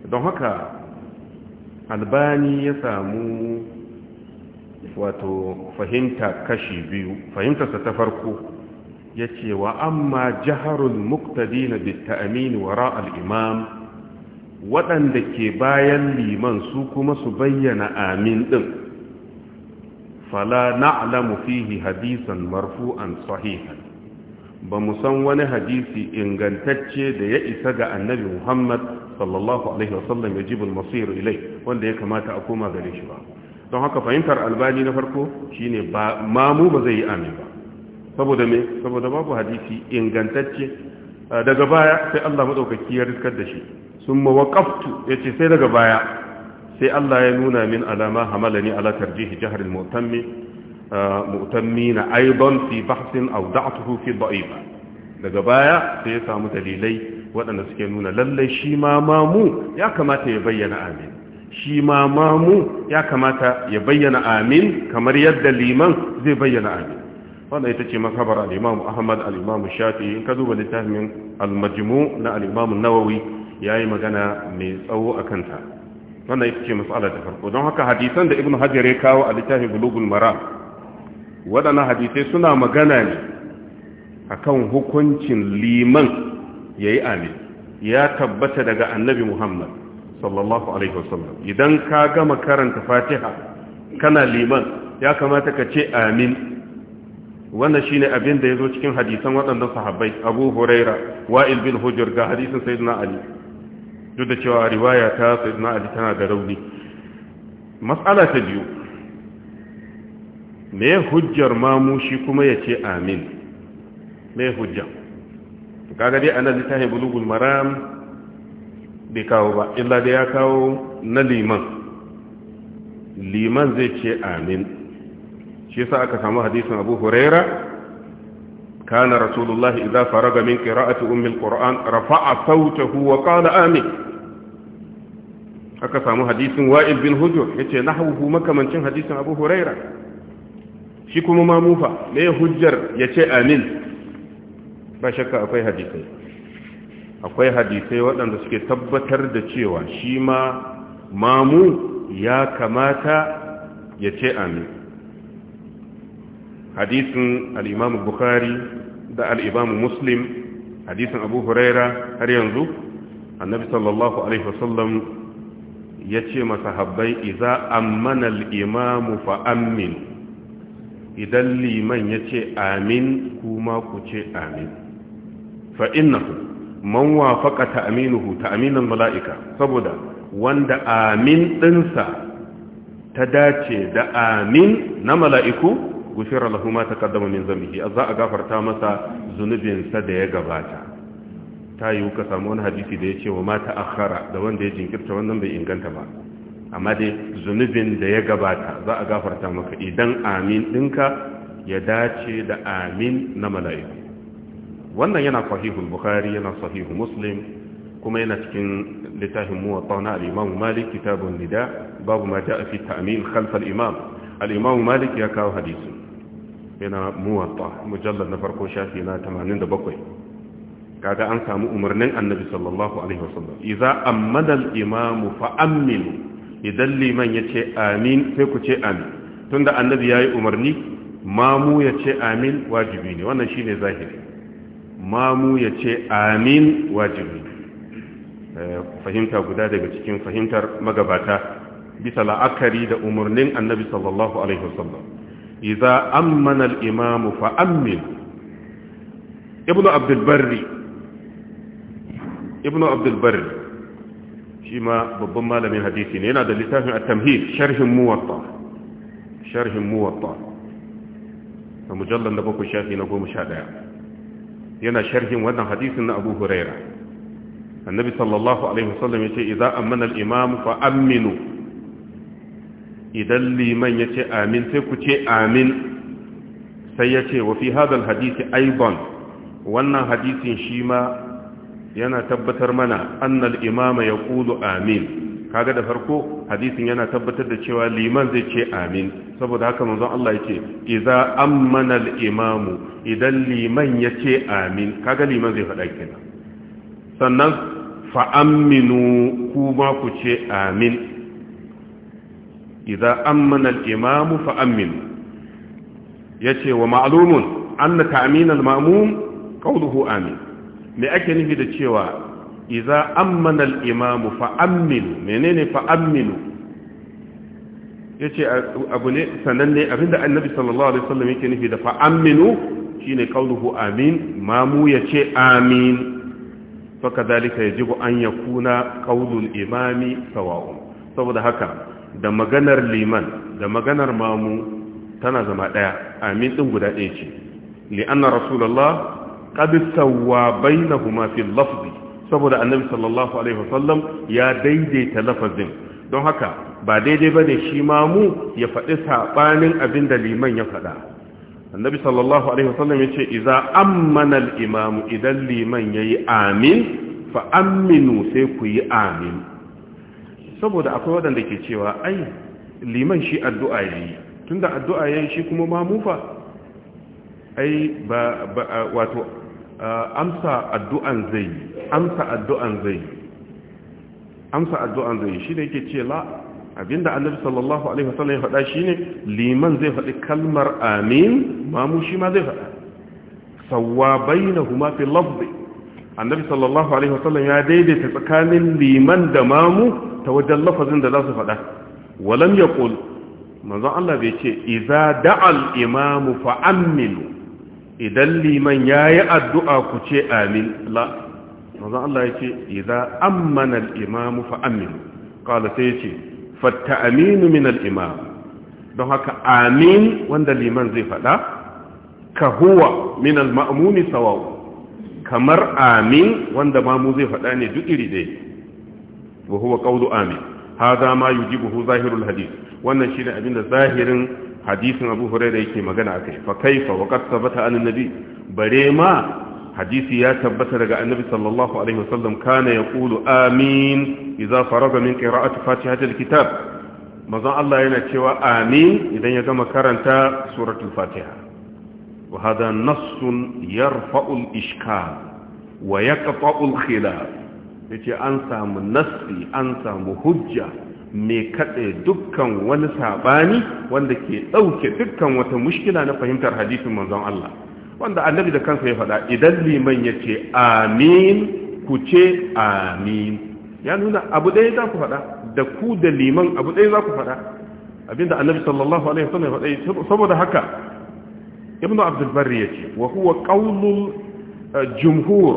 S1: don haka albani ya samu wato fahimta kashi biyu fahimtarsa ta farko ya ce wa amma jaharul muktadina bit aminu wara al'imam imam waɗanda ke bayan liman su kuma su bayyana amin ɗin fala na'lamu fihi hadisan marfu'an sahihan ba san wani hadisi ingantacce da ya isa ga annabi Muhammad sallallahu alaihi wasallam yajibul masu ilai wanda ya kamata a koma gare shi ba don haka fahimtar albani na farko shine ba mamu ba zai yi amin ba saboda me saboda babu hadisi ingantacce ah, daga baya sai Allah madaukaki ya riskar da shi summa ya ce sai daga baya sai Allah ya nuna min alama hamalani ala tarjih jihar al-mu'tammi ah, mu'tammina aidan fi bahsin aw da'tuhu fi da'ifa daga baya sai ya samu dalilai waɗanda suke nuna lallai shi ma mamu ya kamata ya bayyana amin shi ma mamu ya kamata ya bayyana amin kamar yadda liman zai bayyana amin wannan ita ce masabar al-Imam Ahmad alimamu shafi in ka duba littafin al-Majmu' na alimamu nawawi Nawawi yayi magana mai tsawo a kanta wannan ita ce mas'ala ta farko don haka hadisan da Ibn Hajar ya kawo a littafin Bulughul mara waɗannan hadisai suna magana ne akan hukuncin liman yayi amin ya tabbata daga Annabi Muhammad sallallahu alaihi wasallam idan ka gama karanta Fatiha kana liman ya kamata ka ce amin wannan shine abin da zo cikin hadisan waɗannan sahabbai Abu Huraira Wa'il bin Hujr ga hadisin Sayyidina Ali duk da cewa riwaya ta Sayyidina Ali tana da rauni mas'ala ta biyu me hujjar mamu shi kuma yace amin me hujja kaga dai anan littafin bulugul maram bai kawo ba illa da ya kawo na liman liman zai ce amin shi yasa aka samu hadisin Abu Huraira kana rasulullahi idza faraga min qira'ati ummil qur'an rafa'a sautahu wa qala amin aka samu hadisin Wa'il bin Hujr yace nahwuhu makamancin hadisin Abu Huraira shi kuma ma mufa me hujjar yace amin ba shakka akwai hadisai akwai hadisai waɗanda suke tabbatar da cewa shi ma mamu ya kamata ya ce amin hadisin al-imam bukhari da al muslim hadisin abu huraira har yanzu annabi sallallahu alaihi wasallam ya ce masahabbai iza ammana al-imam fa ammin idan liman ya ce amin kuma ku ce amin fa innahu man wafaqa ta'minuhu ta'minan mala'ika saboda wanda amin dinsa ta dace da amin na mala'iku gushira lahu ma taqaddama min zambihi za a gafarta masa zunubinsa da ya gabata ta yi ka samu wani hadisi da ya ce wa ma ta'akhkhara da wanda ya jinkirta wannan bai inganta ba amma dai zunubin da ya gabata za a gafarta maka idan amin dinka ya dace da amin na mala'iku wannan yana sahihul bukhari yana sahihu muslim kuma yana cikin littafin muwatta na al-imam malik kitabun nida babu ma ja'a fi ta'min khalf al-imam al-imam malik ya kawo hadisi yana muwatta mujallar na farko shafi na 87 kaga an samu umarnin annabi sallallahu alaihi wasallam idza ammana al-imam fa amminu idan liman yace amin sai ku ce amin tunda annabi yayi umarni mamu yace amin wajibi ne wannan shine zahiri mamu yace amin wajibi eh, fahimta guda daga cikin fahimtar magabata bisa la'akari da umarnin annabi sallallahu alaihi wasallam iza ammana al-imam Ibn ammin ibnu abdul barri ibnu abdul barri shi ma babban malamin hadisi ne yana da littafin a tamhid sharhin muwatta sharhin muwatta a mujallar na bakwai shafi na goma sha ɗaya yana sharhin wannan hadisin na abu huraira annabi sallallahu alaihi wasallam ya ce iza ammana al-imam amminu idan liman ya ce amin sai ku ce amin sai ya ce wafi hadal hadisi aibon wannan hadisin shi ma yana tabbatar mana annal imama ya kulu amin kaga da farko hadisin yana tabbatar da cewa liman zai ce amin saboda haka manzon Allah ya ce iza ammana al-imamu idan liman ya ce amin kaga liman zai faɗa kenan sannan fa aminu kuma ku ce amin idza ammana al-imam fa ammin yace wa ma'lumun anna ta'min al-ma'mum qawluhu amin me ake nufi da cewa idza ammana al-imam fa ammin menene fa ammin yace abu ne sananne abinda annabi sallallahu alaihi wasallam yake nufi da fa amminu shine qawluhu amin mamu yace amin فكذلك an أن يكون قول الإمام سواء saboda haka da maganar liman da maganar mamu tana zama ɗaya amin ɗin guda ɗaya ce li'anna rasulullah qadistawa bainahuma humafin lafzi saboda annabi sallallahu alaihi wasallam ya daidaita lafazin don haka ba daidai bane shi mamu ya faɗi sabanin abinda liman ya faɗa annabi sallallahu alaihi wasallam yace idza ammana al-imamu idan liman yayi amin fa aminu sai ku yi amin saboda akwai waɗanda ke cewa ai liman shi addu'a ya yi tun da addu'a ya yi shi kuma mamufa ai ba wato amsa addu'an zai amsa addu'an zai amsa addu'an zai shi ne ke ce la abinda annabi sallallahu alaihi wasallam ya faɗa shine liman zai faɗi kalmar amin mamu shi ma zai faɗa sawwa bainahuma fi lafzi annabi sallallahu alaihi wasallam ya daidaita tsakanin liman da mamu ta wajen lafazin da za su faɗa walam yaqul manzon Allah bai ce idza da'al imamu fa idan liman ya yi addu'a ku ce amin la manzon Allah ya ce idza ammana al-imamu fa aminu qala sai ya ce fatta aminu min al don haka amin wanda liman zai faɗa ka huwa min al-ma'mumi sawa'u kamar amin wanda ma mu zai faɗa ne duk iri ɗaya wa huwa qawlu amin hadha ma yujibuhu zahirul hadith wannan shine abin da zahirin hadisin Abu Hurairah yake magana akai fa kaifa wa qad sabata an annabi bare ma hadisi ya tabbata daga annabi sallallahu alaihi wasallam kana yaqulu amin idza faraga min qira'ati fatihatil kitab mazan Allah yana cewa amin idan ya gama karanta suratul fatiha وهذا نص يرفع الإشكال ويقطع الخلاف yace an samu nassi an samu hujja mai katse dukkan wani saɓani wanda ke ɗauke dukkan wata mushkila na fahimtar hadisin manzon Allah wanda annabi da kansa ya faɗa idan liman ya ce amin ku ce amin ya nuna abu ɗaya za ku faɗa da ku da liman abu ɗaya za ku faɗa abinda annabi sallallahu alaihi wasallam ya faɗa saboda haka Ibn abdul barri yace wa huwa qaulul eh, jumhur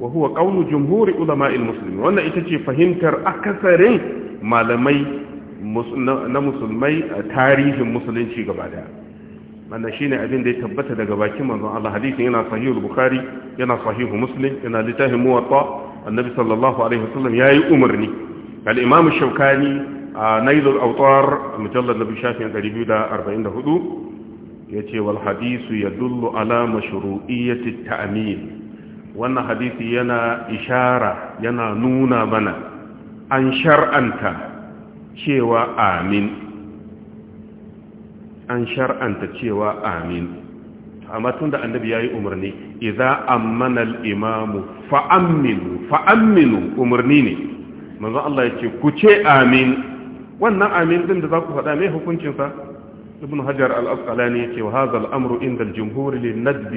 S1: wa huwa qaulu jumhur ulama'il muslimin wannan ita ce fahimtar akasarin malamai na musulmai a tarihin musulunci gaba daya wannan shi ne abin da ya tabbata daga bakin manzon Allah hadisin yana sahihul bukhari yana sahihu muslim yana litahi muwatta annabi sallallahu alaihi wasallam yayi umarni al imam shaukani a nailul awtar mujallad nabi shafin 244 yace wal hadisu yadullu ala mashru'iyyati ta'min wannan hadisi yana ishara yana nuna mana an shar'anta cewa amin an shar'anta cewa amin amma da annabi yayi umarni iza ammana al-imamu fa aminu fa umarni ne manzo Allah ce ku ce amin wannan amin din da za ku faɗa mai hukuncinsa ibn hajar al-asqalani yake wa haza al inda al-jumhur lin-nadb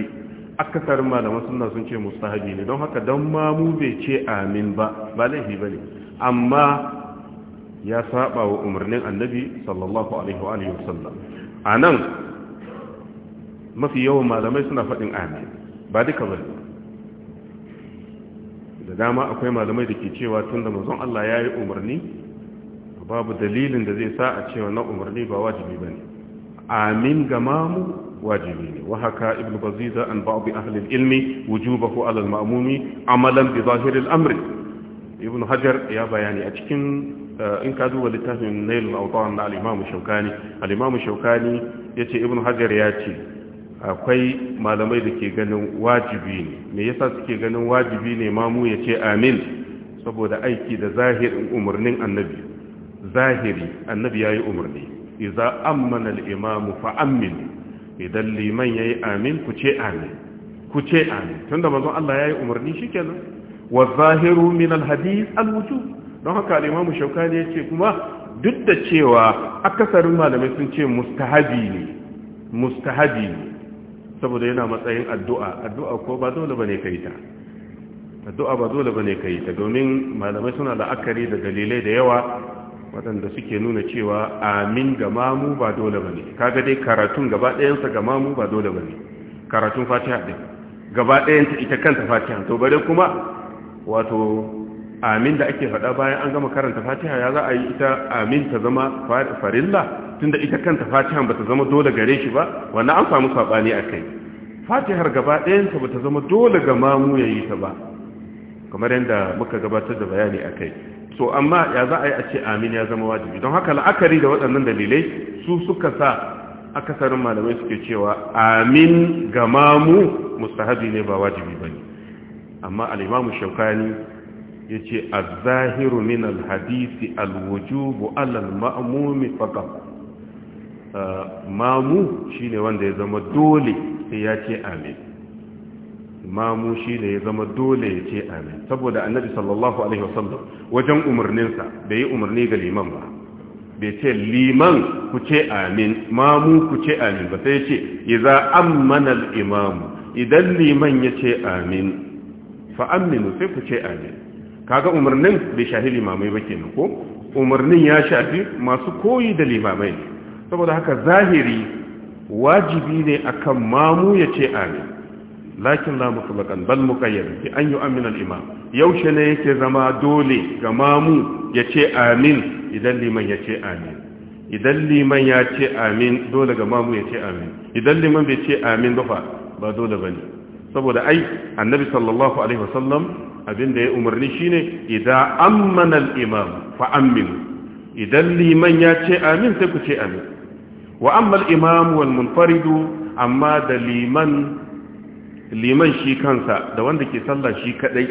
S1: akasar malaman suna sun ce mustahabi ne don haka dan ma mu bai ce amin ba ba laifi ne amma ya saba wa umarnin annabi sallallahu alaihi wa alihi wasallam nan mafi yawan malamai suna faɗin amin ba duka ne da dama akwai malamai da ke cewa da manzon Allah ya yi umarni babu dalilin da zai sa a cewa na umarni ba wajibi ba ne amin ga mamu wajibi ne wa haka ibn baziza an ba'd ahli al-ilmi wujubahu ala al-ma'mumi amalan bi zahir al-amr ibn hajar ya bayani a cikin in ka duba littafin nailul awtan na al-imam shaukani al-imam shaukani yace ibn hajar ya ce akwai malamai da ke ganin wajibi ne me yasa suke ganin wajibi ne mamu ya ce amin saboda aiki da zahirin umarnin annabi zahiri annabi yayi umarni iza ammana al-imamu fa ammin idan liman yayi amin ku ce amin ku ce amin tunda manzon Allah ya yi umarni shikenan wa zahiru min al-hadith al-wujub don haka al-imamu shaukani yace kuma duk da cewa akasarin malamai sun ce mustahabi ne mustahabi ne saboda yana matsayin addu'a addu'a ko ba dole bane kai ta addu'a ba dole bane kai ta domin malamai suna la'akari da dalilai da yawa waɗanda suke nuna cewa amin ga mamu ba dole ba ne kaga dai karatun gaba ɗayansa ga mamu ba dole ba ne karatun fatiha ɗin gaba ɗayanta ita kanta fatiha to bare kuma wato amin da ake faɗa bayan an gama karanta fatiha ya za a yi ita amin ta zama farilla tunda ita kanta fatiha ba ta zama dole gare shi ba wannan an samu saɓani a kai fatihar gaba ɗayanta ba ta zama dole ga mamu ya yi ta ba kamar yadda muka gabatar da bayani a kai so amma ya za a yi a ce amin ya zama wajibi don haka la'akari da waɗannan dalilai su suka sa akasarin malamai suke cewa amin ga mamu mustahabi ne ba wajibi ba ne amma al'imamu shaukani ya ce a zahiru min alhadisi alwujubu alal ma'amumi faka eh, mamu shi ne wanda ya zama dole sai ya ce amin mamu shi ne ya zama dole ya ce amin saboda annabi sallallahu alaihi wasallam wajen umarninsa bai yi umarni ga liman ba bai ce liman ku ce amin mamu ku ce amin ba sai ya ce iza ammana al imam idan liman ya ce amin fa aminu sai ku ce amin kaga umarnin bai shafi limamai ba kenan ko umarnin ya shafi masu koyi da limamai saboda haka zahiri wajibi ne akan mamu ya ce amin lakin la mutlaqan bal muqayyad bi an yu'min al-imam yaushe ne yake zama dole ga mamu yace amin idan liman yace amin idan liman ya ce amin dole ga mamu ya ce amin idan liman bai ce amin ba fa ba dole bane saboda ai annabi sallallahu alaihi wasallam abinda ya umarni shine idan ammana al-imam fa ammin idan liman ya ce amin sai ku ce amin wa amma al-imam wal munfaridu amma da liman liman shi kansa da wanda ke sallah shi kadai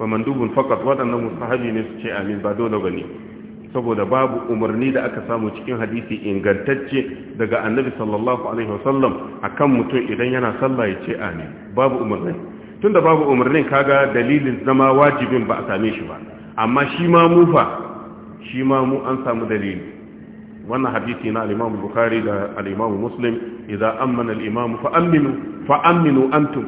S1: fa mandubun faqat wadannan musahabi ne su ce amin ba dole bane saboda babu umarni da aka samu cikin hadisi ingantacce daga annabi sallallahu alaihi wasallam akan mutum idan yana sallah ya ce amin babu umarni tunda babu umarnin kaga dalilin zama wajibin ba a same shi ba amma shi ma mu fa shi ma mu an samu dalili wannan hadisi na al-Imam Bukhari da al-Imam Muslim idan amana al-Imam fa aminu fa aminu antum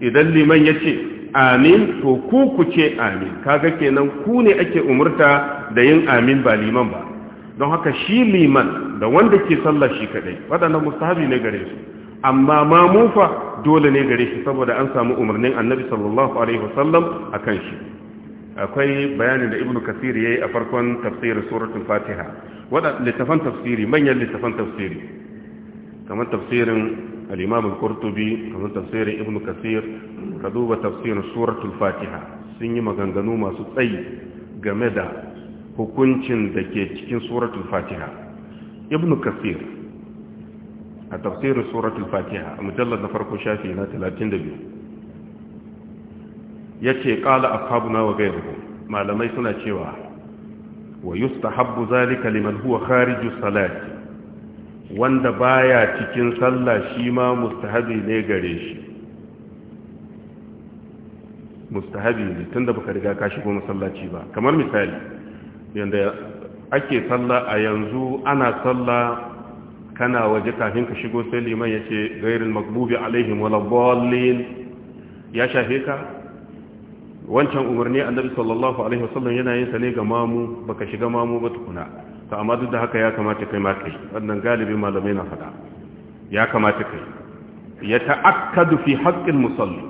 S1: idan liman yace amin to ku ku ce amin kaga kenan ku ne ake umurta da yin amin ba liman ba don haka shi liman da wanda ke sallah shi kadai wadannan mustahabi ne gare su amma ma mufa dole ne gare shi saboda an samu umarnin annabi sallallahu alaihi wasallam akan shi akwai bayanin da ibnu kasir yi a farkon tafsirin suratul fatiha wadannan littafan tafsiri manyan littafan tafsiri kamar tafsirin al-imam al-qurtubi kamar tafsirin ibnu kasir ka duba tafsirin suratul fatiha sun yi maganganu masu tsayi game da hukuncin da ke cikin suratul fatiha ibnu kasir a tafsirin suratul fatiha a mujallar na farko shafi na 32 yace qala ashabuna wa ghayruhum malamai suna cewa wa yustahabbu zalika liman huwa khariju salati wanda baya cikin sallah shi ma mustahabi ne gare shi mustahabi ne tunda baka riga ka shigo masallaci ba kamar misali yanda ake sallah a yanzu ana sallah kana waje kafin ka shigo sai liman ya ce gairin magbubi alaihim bolin ya shafe ka wancan umarni annabi sallallahu alaihi wasallam yana yin sa ne ga mamu baka shiga mamu ba tukuna to amma duk da haka ya kamata kai ma kai wannan galibi malamai na faɗa ya kamata kai ya ta'akkadu fi haqqil musalli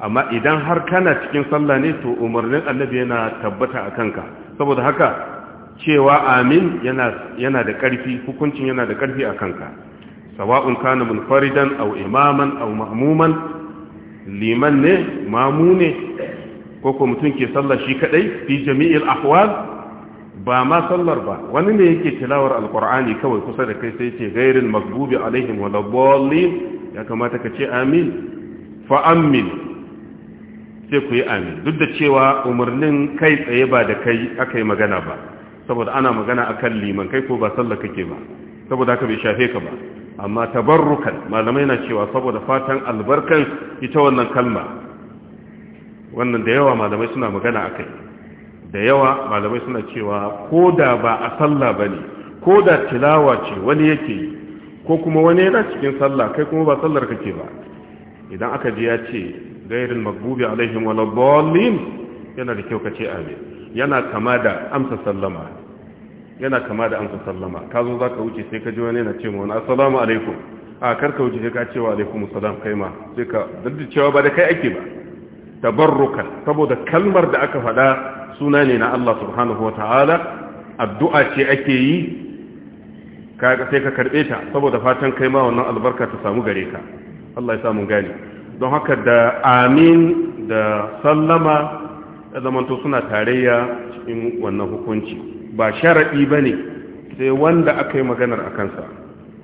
S1: amma idan har kana cikin sallah ne to umarnin annabi yana tabbata a kanka saboda haka cewa amin yana yana da ƙarfi hukuncin yana da ƙarfi a kanka sawa'un kana munfaridan aw imaman aw ma'muman liman ne mamu ne ko ko mutum ke sallah shi kadai fi jami'il ahwal ba ma sallar ba wani ne yake tilawar alkur'ani kawai kusa da kai sai ce gairin magbubi alaihim wa dabballin ya kamata ka ce amin fa amin sai ku yi amin duk da cewa umarnin kai tsaye ba da kai aka yi magana ba saboda ana magana akan liman kai ko ba sallar kake ba saboda haka bai shafe ka ba amma tabarrukan malamai na cewa saboda fatan albarkan ita wannan kalma wannan da yawa malamai suna magana akai da yawa malamai suna cewa ko da ba a sallah ba ne ko da tilawa ce wani yake yi ko kuma wani yana cikin sallah kai kuma ba sallar kake ba idan aka ji ya ce gairin magbubi alaihim wa dallin yana da kyau kace amin yana kama da amsa sallama yana kama da amsa sallama ka zo za ka wuce sai ka ji wani yana ce wani assalamu alaikum a kar ka wuce sai ka ce wa alaikum salam kai ma sai ka daddacewa ba da kai ake ba tabarrukan saboda kalmar da aka faɗa suna ne na Allah subhanahu wata'ala addu'a ce ake yi kaga sai ka karɓe ta saboda fatan kai ma wannan albarka ta samu gare ka Allah ya samu gani don haka da amin da sallama ya zamanto suna tarayya cikin wannan hukunci ba sharaɗi ba ne sai wanda aka yi maganar a kansa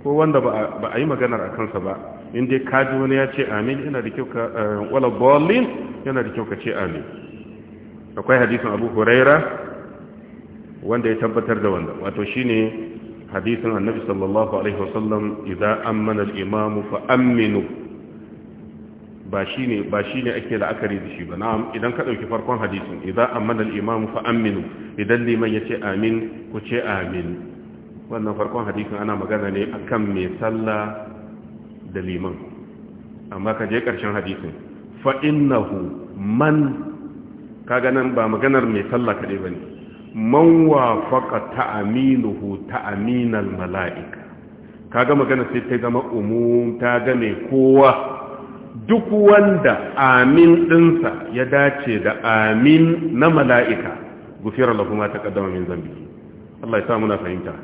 S1: ko wanda ba a yi maganar a kansa ba inda kaji wani ya ce amin yana da kyau ka eh, wala bolin yana da kyau ka ce amin akwai hadisin abu huraira wanda ya tabbatar da wanda wato shine hadisin annabi sallallahu alaihi wasallam idza ammana al-imam fa aminu ba ne ba ne ake la'akari da shi ba na'am idan ka dauki farkon hadisin idza ammana al-imam fa aminu idan liman yace amin ku ce amin wannan farkon hadisin ana magana ne akan mai sallah da liman amma ka je karshen hadisin fa innahu man kaga nan ba maganar mai sallah kaɗe ba ne man wafaka ta'aminuhu ta'aminal mala'ika kaga magana sai ta zama umum ta game kowa duk wanda amin ɗinsa ya dace da amin na mala'ika gusiyar da kuma ta ƙaddama min zambi Allah ya samu na fahimta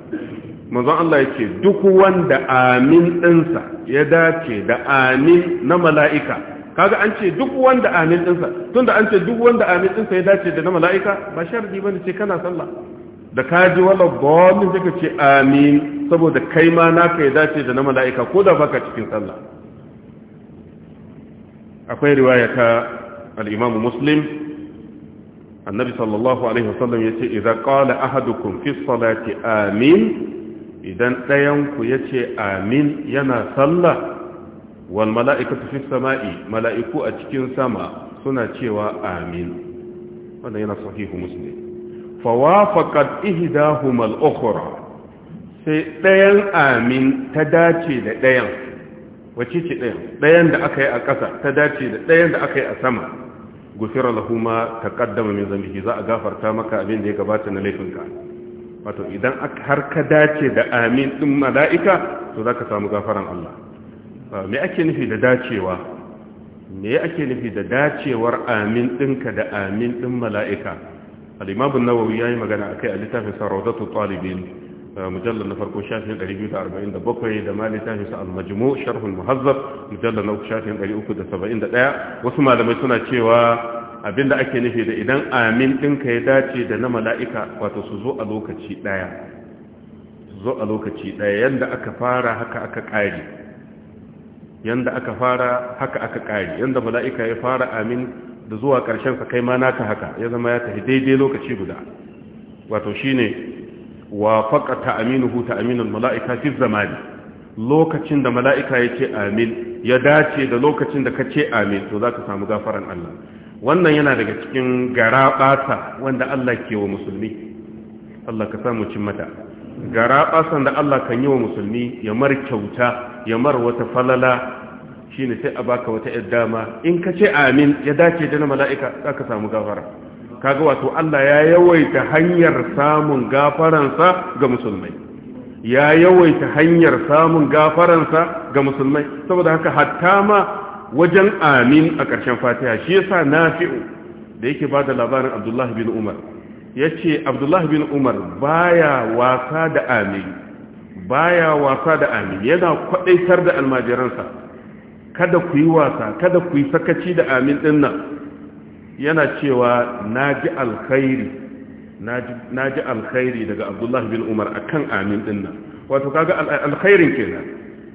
S1: manzo Allah ya ce duk wanda amin ɗinsa ya dace da amin na mala'ika kaga an ce duk wanda amin dinsa tunda an ce duk wanda amin dinsa ya dace da na mala'ika ba sharadi bane ce kana sallah da ka ji wala dhalin ka ce amin saboda kai ma naka ya dace da na mala'ika ko da baka cikin sallah akwai riwaya ta al-Imam Muslim annabi sallallahu alaihi wasallam yace idza qala ahadukum fi salati amin idan dayan ku yace amin yana sallah wal mala'ikatu fi sama'i mala'iku a cikin sama suna cewa amin wannan yana sahihu muslim fa wafaqat ihdahuma al sai ɗayan amin ta dace da ɗayan, wace ce ɗayan? Ɗayan da aka yi a ƙasa ta dace da ɗayan da aka yi a sama gufira lahu ma ƙaddama min zambihi za a gafarta maka abin da ya gabata na laifinka wato idan har ka dace da amin ɗin mala'ika to zaka samu gafaran Allah Ah, me ake nufi da dacewa me ake nufi da dacewar amin ɗinka da amin ɗin mala'ika al'imamun nawawi ya yi magana a kai a littafin sarautattu talibin ah, mujallar na farko shafin 247 da ma littafin sa al-majmu sharhul muhazzab mujallar na shafin 371 wasu malamai suna cewa abinda ake nufi da idan amin ɗinka ya dace da na mala'ika wato su zo a lokaci ɗaya zo a lokaci ɗaya yadda aka fara haka aka ƙari yanda aka fara haka aka kare yanda mala'ika ya fara amin da zuwa karshen sa kai ma naka haka ya zama ya tafi daidai lokaci guda wato shine wa faqata aminuhu ta aminu mala'ika fi zamani lokacin da mala'ika ya amin ya dace da lokacin da kace ce amin to zaka samu gafaran Allah wannan yana daga cikin garabata wanda Allah ke wa musulmi Allah ka samu cin mata garabasan da Allah kan yi wa musulmi ya markauta ya mar wata falala shi ne sai a baka wata yar dama in ka ce amin ya dace da na mala'ika za ka samu gafara kaga wato Allah ya yawaita hanyar samun gafaransa ga musulmai ya yawaita hanyar samun gafaransa ga musulmai saboda haka hatta ma wajen amin a ƙarshen fatiha shi yasa nafi'u da yake bada labarin Abdullahi bin Umar ya ce Abdullahi bin Umar baya wasa da amin baya wasa da amin yana kwadaitar da almajiransa kada ku yi wasa kada ku yi sakaci da amin din nan yana cewa naji alkhairi naji alkhairi daga abdullahi bin umar akan amin din nan wato kaga alkhairin kenan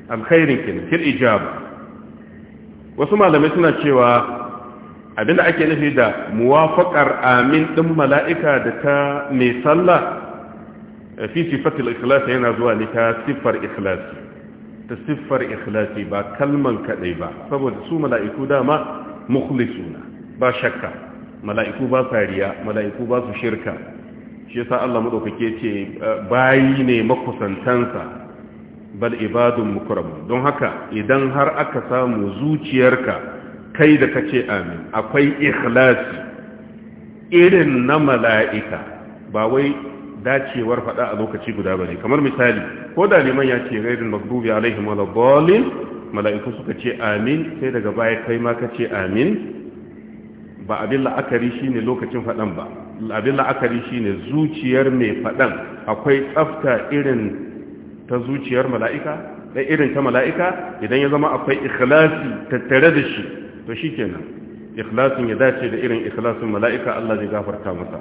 S1: alkhairin kenan fil ijaba wasu malamai suna cewa abinda ake nufi da muwafaqar amin din mala'ika da ta mai sallah Eh, fi sifatul ikhlas yana zuwa ne ta siffar ikhlasi ta siffar ikhlasi ba kalman kadai ba saboda su mala'iku dama mukhlisuna ba shakka mala'iku ba fariya mala'iku ba su shirka shi yasa Allah madaukake ce eh, bayi ne makusantansa bal ibadun mukramun don haka idan har aka samu zuciyarka kai da kace amin akwai ikhlasi irin na mala'ika ba wai dacewar faɗa a lokaci guda bane kamar misali ko da liman ya ce gairin magdubi alaihim wala dallin mala'iku suka ce amin sai daga baya kai ma ka ce amin ba abin la'akari shine lokacin faɗan ba abin la'akari shine zuciyar mai faɗan akwai tsafta irin ta zuciyar mala'ika da eh, irin ta mala'ika idan ya zama akwai ikhlasi tattare da shi to shikenan ikhlasin ya dace da irin ikhlasin mala'ika Allah zai gafarta masa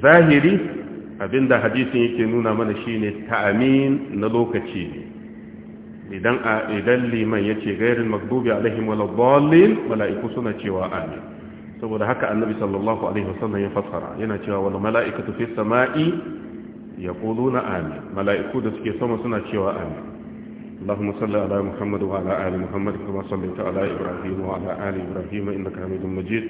S1: zahiri abinda hadisin yake nuna mana shine ta'amin na lokaci idan idan liman yace ghairil maghdubi alaihim waladdallin mala'iku suna cewa amin saboda haka annabi sallallahu alaihi wasallam ya fassara yana cewa wal mala'ikatu fis sama'i yaquluna amin mala'iku da suke sama suna cewa amin اللهم صل على محمد وعلى آل محمد كما صليت على إبراهيم وعلى آل إبراهيم إنك حميد مجيد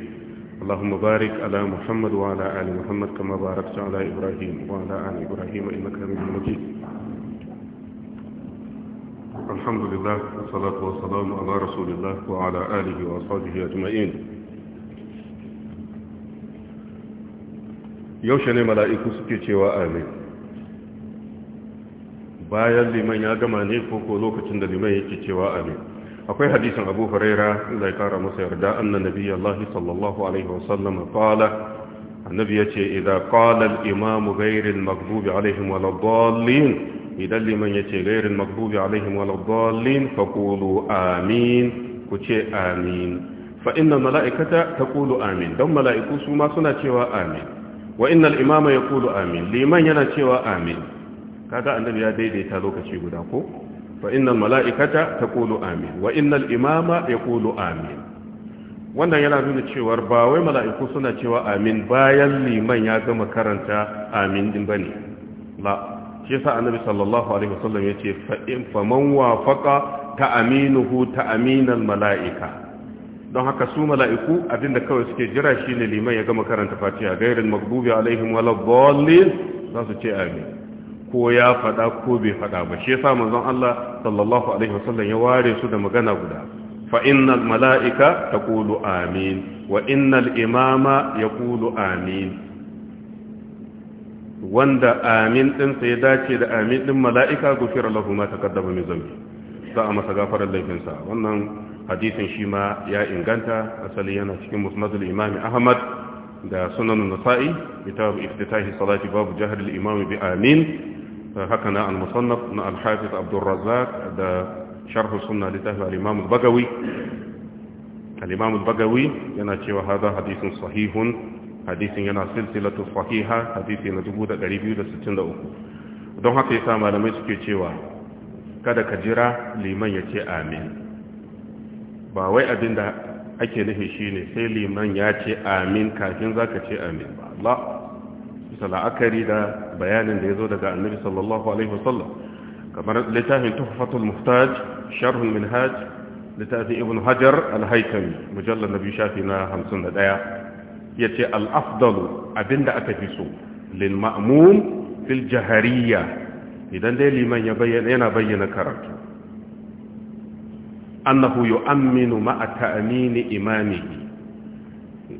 S1: اللهم بارك على محمد وعلى آل محمد كما باركت على إبراهيم وعلى آل إبراهيم إنك حميد مجيد الحمد لله والصلاة والسلام على رسول الله وعلى آله وأصحابه أجمعين yaushe ne mala'iku suke cewa amin bayan liman ya gama ne ko ko lokacin da liman yake cewa amin akwai hadisin abu huraira zai kara masa yarda annan nabi Allah sallallahu alaihi wasallam qala annabi yace idan qala al-imam ghayr al-maghdubi alaihim wal dallin idan liman yace ghayr al-maghdubi alaihim wal dallin faqulu amin ku ce amin fa inna malaikata taqulu amin dan mala'iku su ma suna cewa amin wa innal imama yaqulu amin liman yana cewa amin kaga annabi ya daidaita lokaci guda ko fa innal ta taqulu amin wa innal imama amin wannan yana nuna cewa ba wai mala'iku suna cewa amin bayan liman ya gama karanta amin din bane la shi yasa annabi sallallahu alaihi wasallam ya ce in faman wafaqa ta aminuhu ta aminan mala'ika don haka su mala'iku abinda kawai suke jira shi ne liman ya gama karanta fatiha gairin magbubi alaihim wala dhallin za su ce amin ko ya faɗa ko bai faɗa ba shi yasa manzon Allah sallallahu alaihi wasallam ya ware su da magana guda fa innal mala'ika taqulu amin wa innal imama yaqulu amin wanda amin din ya dace da amin din mala'ika gufira lahu ma taqaddama min zambi za a masa gafarar laifinsa wannan hadisin shi ma ya inganta asali yana cikin musnadul imami ahmad da sunan nasa'i kitab iftitahi salati babu jahr al imam bi amin haka na al na al-hafiz da sharhu sunna littafi al bagawi al bagawi yana cewa hada hadisin sahihun hadisin yana silsilatu sahiha hadisi na 2263 don haka yasa malamai suke cewa kada ka jira liman yace ce amin ba wai abin da ake nufi shine sai liman ya ce amin kafin zaka ce amin ba Allah العكري ده بيان اللي يزو ده النبي صلى الله عليه وسلم كما لتاهن تحفة المحتاج شره المنهاج لتأتي ابن هجر الهيكمي مجلد النبي شافينا همسنة دايا يتي الأفضل أبند أكتسو للمأموم في الجهرية إذا دي لما يبين أنا بين كرك أنه يؤمن مع تأمين إمامه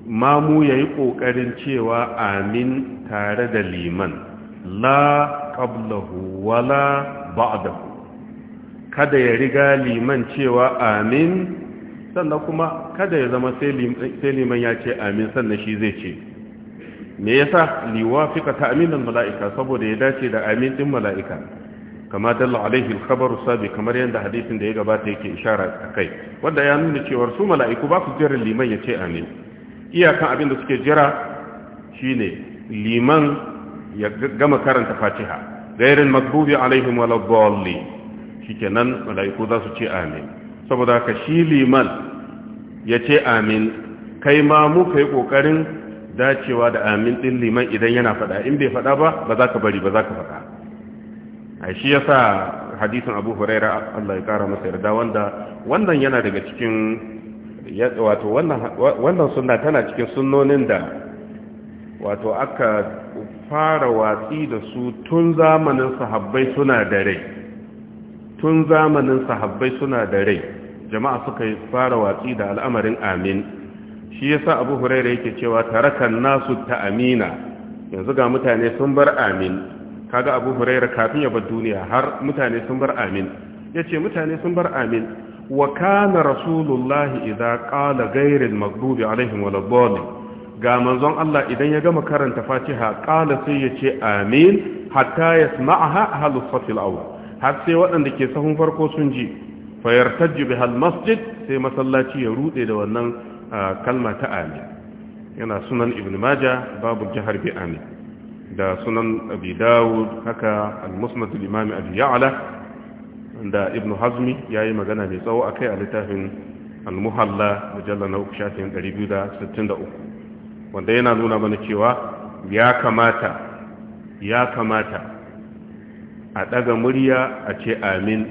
S1: mamu ya yi ƙoƙarin cewa amin tare da liman la ƙablahu wala ba'dahu kada ya riga liman cewa amin sannan kuma kada ya zama sai liman ya ce amin sannan shi zai ce me yasa liwa fika ta aminan mala'ika saboda ya dace da amin din mala'ika kama dalla alaihi alkhabaru sabi kamar yadda hadisin da ya gabata yake ishara kai, wanda ya nuna cewar su mala'iku ba su jiran liman ya ce amin iyakan abin da suke jira shine liman ya gama karanta fatiha gairin magdubi alaihim wala dhalli shikenan malaiku za su ce amin saboda ka shi liman ya ce amin kai ma mu kai kokarin dacewa da amin din liman idan yana fada in bai fada ba ba za ka bari ba za ka fada ai shi yasa hadisin Abu Hurairah Allah ya kara masa yarda wanda wannan yana daga cikin wato wannan sunna tana cikin sunnonin da wato aka fara watsi da su tun zamanin sahabbai suna da rai tun zamanin sahabbai suna da rai jama'a suka fara watsi da al'amarin amin shi yasa abu huraira yake cewa tarakan nasu ta amina yanzu ga mutane sun bar amin kaga abu huraira kafin ya bar duniya har mutane sun bar amin yace mutane sun bar amin wa kana rasulullahi idza qala ghayril maghdubi alaihim waladdallin ga manzon Allah idan ya gama karanta Fatiha qala sai yace amin hatta yasma'aha ahlus safil awwal har sai waɗanda ke sahun farko sun ji fayartajju hal masjid sai masallaci ya rude da wannan kalma ta amin yana sunan ibn Maja babu jihar bi amin da sunan abi dawud haka al-musnad al-imam abi ya'la da ibn hazmi ya yi magana mai tsawo a kai a littafin almuhalla mujallar na uku shafin 263 wanda yana nuna mana cewa ya kamata ya kamata a ɗaga murya a ce amin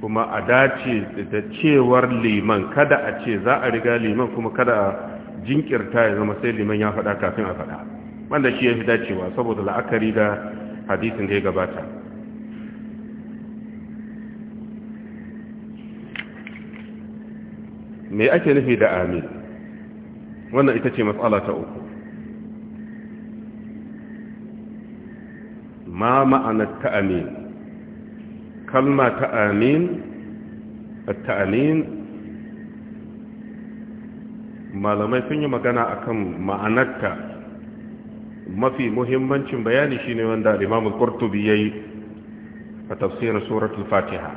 S1: kuma a dace da cewar liman kada a ce za a riga liman kuma kada a jinkirta ya zama sai liman ya faɗa kafin a faɗa wanda shi ya fi dacewa saboda la'akari da hadisin da ya gabata me ake nufi da amin wannan ita ce matsala ta uku ma ma'anar ta amin kalma ta amin ta amin malamai sun yi magana akan ma'anarta mafi muhimmancin bayani shine wanda Alimamul-Kurtubi qurtubi yayi a tafsirin suratul fatiha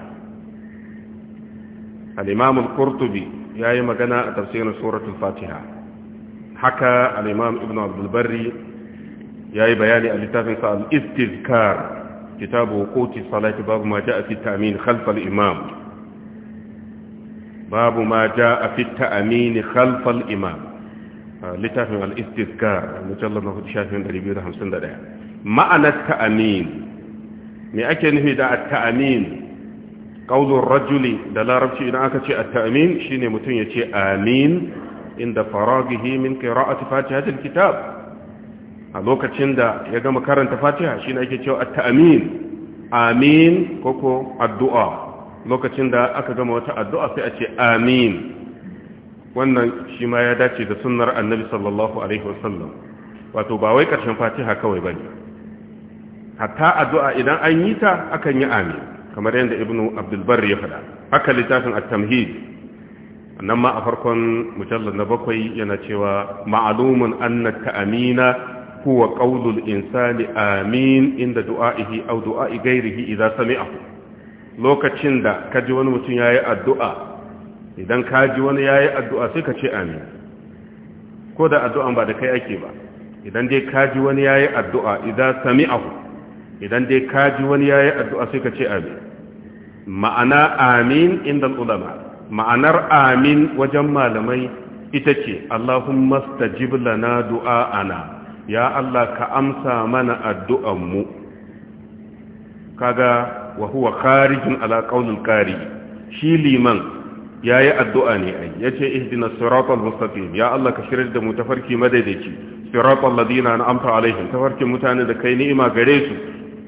S1: al-imam al yayi magana a tafsirin suratul fatiha haka al-imam al'imam ibn abdulbari ya yayi bayani a sa al-istizkar kitabu koti salati babu ma ja'a fi ta'min khalf al imam babu ma ja'a fi ta'min khalf al imam littafin al'istizkar mujallar na hudu shafin 251 ma'anar ta'min me ake nufi da ta'min ƙaunar rajuli da larabci idan aka ce a ta'amin shi ne mutum ya ce amin inda faragihi min ƙira'ati fatihatul kitab a lokacin da ya gama karanta fatiha shi ne ake cewa ta'amin amin koko addu'a lokacin da aka gama wata addu'a sai a ce amin wannan shi ma ya dace da sunnar annabi sallallahu alaihi wasallam wato ba wai ƙarshen fatiha kawai ba ne hatta addu'a idan an yi ta akan yi amin kamar yadda ibnu abdulbar ya faɗa haka littafin at-tamhid annan ma a farkon mujallar na bakwai yana cewa ma'alumun anna ta'amina huwa qawlul insani amin inda du'a'ihi aw du'a'i ghairihi idza sami'ahu lokacin da kaji wani mutum yayi addu'a idan kaji wani yayi addu'a sai ka ce amin ko da addu'an ba da kai ake ba idan dai kaji wani yayi addu'a idza sami'ahu idan dai kaji wani yayi addu'a sai ka ce amin ma'ana amin inda ulama ma'anar amin wajen malamai ita ce Allahumma stajib lana ana, ya Allah ka amsa mana addu'anmu kaga wa huwa kharijun ala qaulil qari shi liman yayi addu'a ne ai yace ihdinas siratal mustaqim ya Allah ka shirar da mu tafarki madaidaici siratal ladina an'amta alaihim tafarkin mutane da kai ni'ima gare su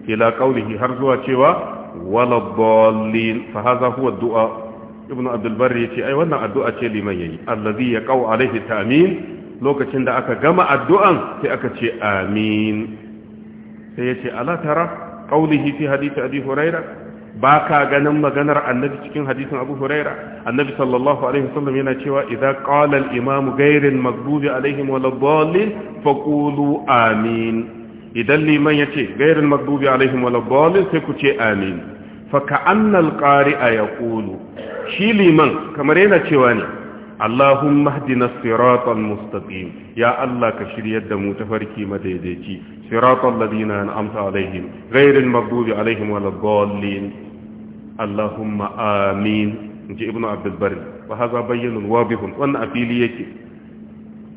S1: ila qaulihi har zuwa cewa wala dallin fa hadha huwa du'a ibnu abdul barri yace ai wannan addu'a ce liman yayi allazi yaqau alaihi ta'min lokacin da aka gama addu'an sai aka ce amin sai yace ala tara qawlihi fi hadith abi huraira ba ka ganin maganar annabi cikin hadisin abu huraira annabi sallallahu alaihi wasallam yana cewa idza qala al-imam ghayr al-maghdubi alaihim wal dallin faqulu amin idan liman yace ce Gairin maghdubi alaihim wal dallin sai ku ce amin فكأن القارئ يقول شي لمن كما رينا تشواني اللهم اهدنا الصراط المستقيم يا الله كشري الدم تفركي مديديتي صراط الذين أنعمت عليهم غير المغضوب عليهم ولا الضالين اللهم آمين نجي ابن عبد البر وهذا بين واضح وانا أفيلي يكي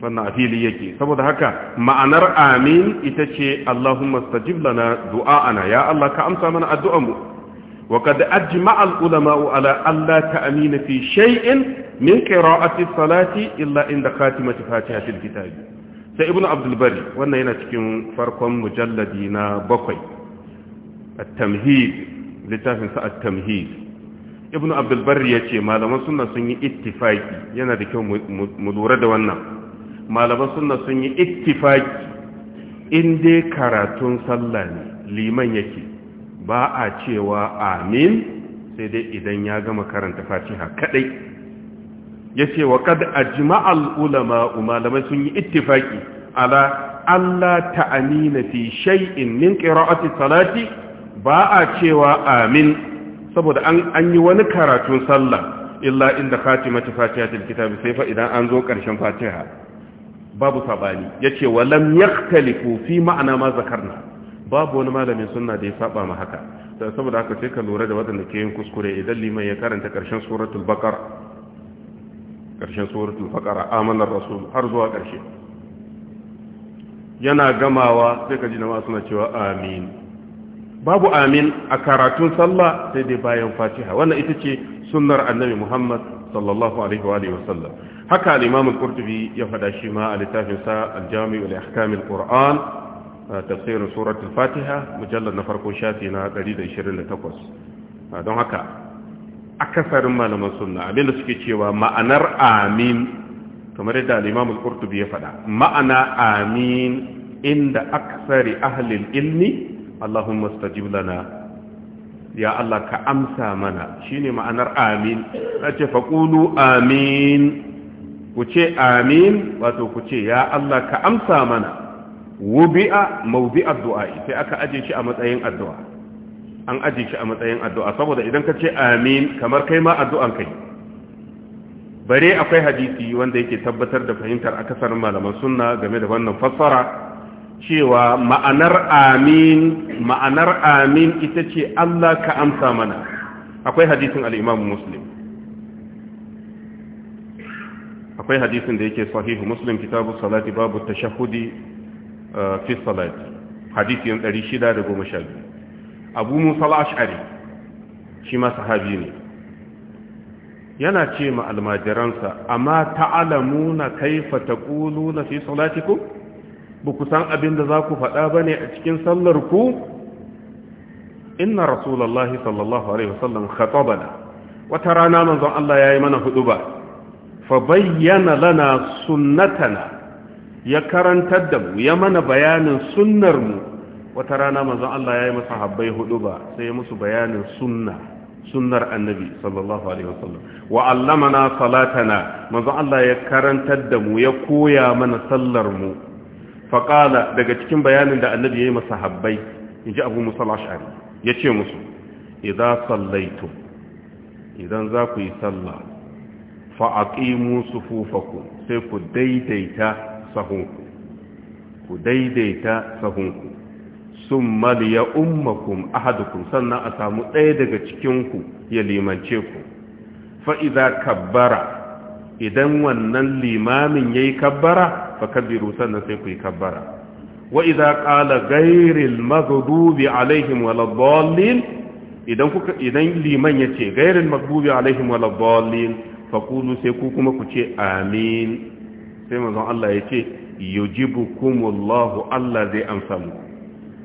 S1: وانا أفيلي يكي سبب هكا معنر آمين إتشي اللهم استجب لنا دعاءنا يا الله كأمسى من الدعاء وقد أجمع العلماء على ألا تأمين في شيء من قراءة الصلاة إلا عند خاتمة فاتحة الكتاب سيبن عبد البري وانا هنا تكون فرق مجلدنا بقي التمهيد لتافن التمهيد ابن عبد البري يتي ما لما سنة سنة اتفاقي ينا دكو مدورة وانا ما لما سنة سنة اتفاقي إن دي كاراتون صلاني لمن يكي ba a cewa amin sai dai idan ya gama karanta fatiha kadai ya ce wa kad a ulama malamai sun yi ittifaki ala Allah ta'amina fi shay'in min qira'ati salati ba a cewa amin saboda an yi wani karatun sallah illa inda khatimatu fatihatil kitab sai fa idan an zo karshen fatiha babu sabani yace wa lam yakhtalifu fi ma'ana ma zakarna babu wani malamin sunna da ya saba ma haka saboda haka sai ka lura da waɗanda ke yin kuskure idan liman ya karanta ƙarshen suratul baqara ƙarshen suratul baqara amanar rasul har zuwa ƙarshe yana gamawa sai ka ji jama'a suna cewa amin babu amin a karatun sallah sai dai bayan fatiha wannan ita ce sunnar annabi muhammad sallallahu alaihi wa alihi wasallam haka al-imam al-qurtubi ya fada shi ma a littafin sa al-jami' li al-qur'an tafsirin suratul fatiha mujallar na farko shafi na 128 don haka akasarin malaman sunna abinda suke cewa ma'anar amin kamar yadda al kurtubi al ya faɗa ma'ana amin inda aksari ahlil ilmi allahumma stajib lana ya Allah ka amsa mana shine ma'anar amin nace faqulu amin ku ce amin wato ku ce ya Allah ka amsa mana wubi'a mawdi'a du'a sai aka aje shi a matsayin addu'a an aje shi a matsayin addu'a saboda idan ka ce amin kamar kai ma addu'an kai bare akwai hadisi wanda yake tabbatar da fahimtar akasar malaman sunna game da wannan fassara cewa ma'anar amin ma'anar amin ita ce Allah ka amsa mana akwai hadisin al-Imam Muslim akwai hadisin da yake sahihu Muslim kitabu salati babu tashahhudi fi salati hadisi 612 abu musa al shi ma sahabi ne yana ce ma almajiransa amma na kaifa na fi salatikum ba ku san abin da za ku faɗa ba ne a cikin sallar ku inna rasulullahi sallallahu alaihi wasallam khatabana wata rana manzon Allah yayi mana hudu ba fa bayyana lana sunnatana ya karantar da mu ya mana bayanin sunnar mu wata rana manzon Allah ya yi masa habbai hudu ba sai ya musu bayanin sunna sunnar annabi sallallahu alaihi wasallam wa allamana salatana manzon Allah ya karantar da mu ya koya mana sallar mu faqala daga cikin bayanin da annabi ya yi masa habbai inji Abu Musa al-Ash'ari yace musu idza sallaitu idan za ku yi sallah fa aqimu sufufakum sai ku daidaita sahunku ku daidaita sahunku sun maliya ummakum ahadukum sannan a samu ɗaya daga cikinku ya limance ku fa'iza kabbara idan wannan limamin ya yi kabbara fa kabbiru sannan sai ku yi kabbara wa'iza ƙala gairil maghdubi alaihim waladdallin idan idan liman ya ce gairin magbubi alaihim waladdallin faqulu sai ku kuma ku ce amin sai manzon Allah ya ce yujibukumullahu Allah zai amsa muku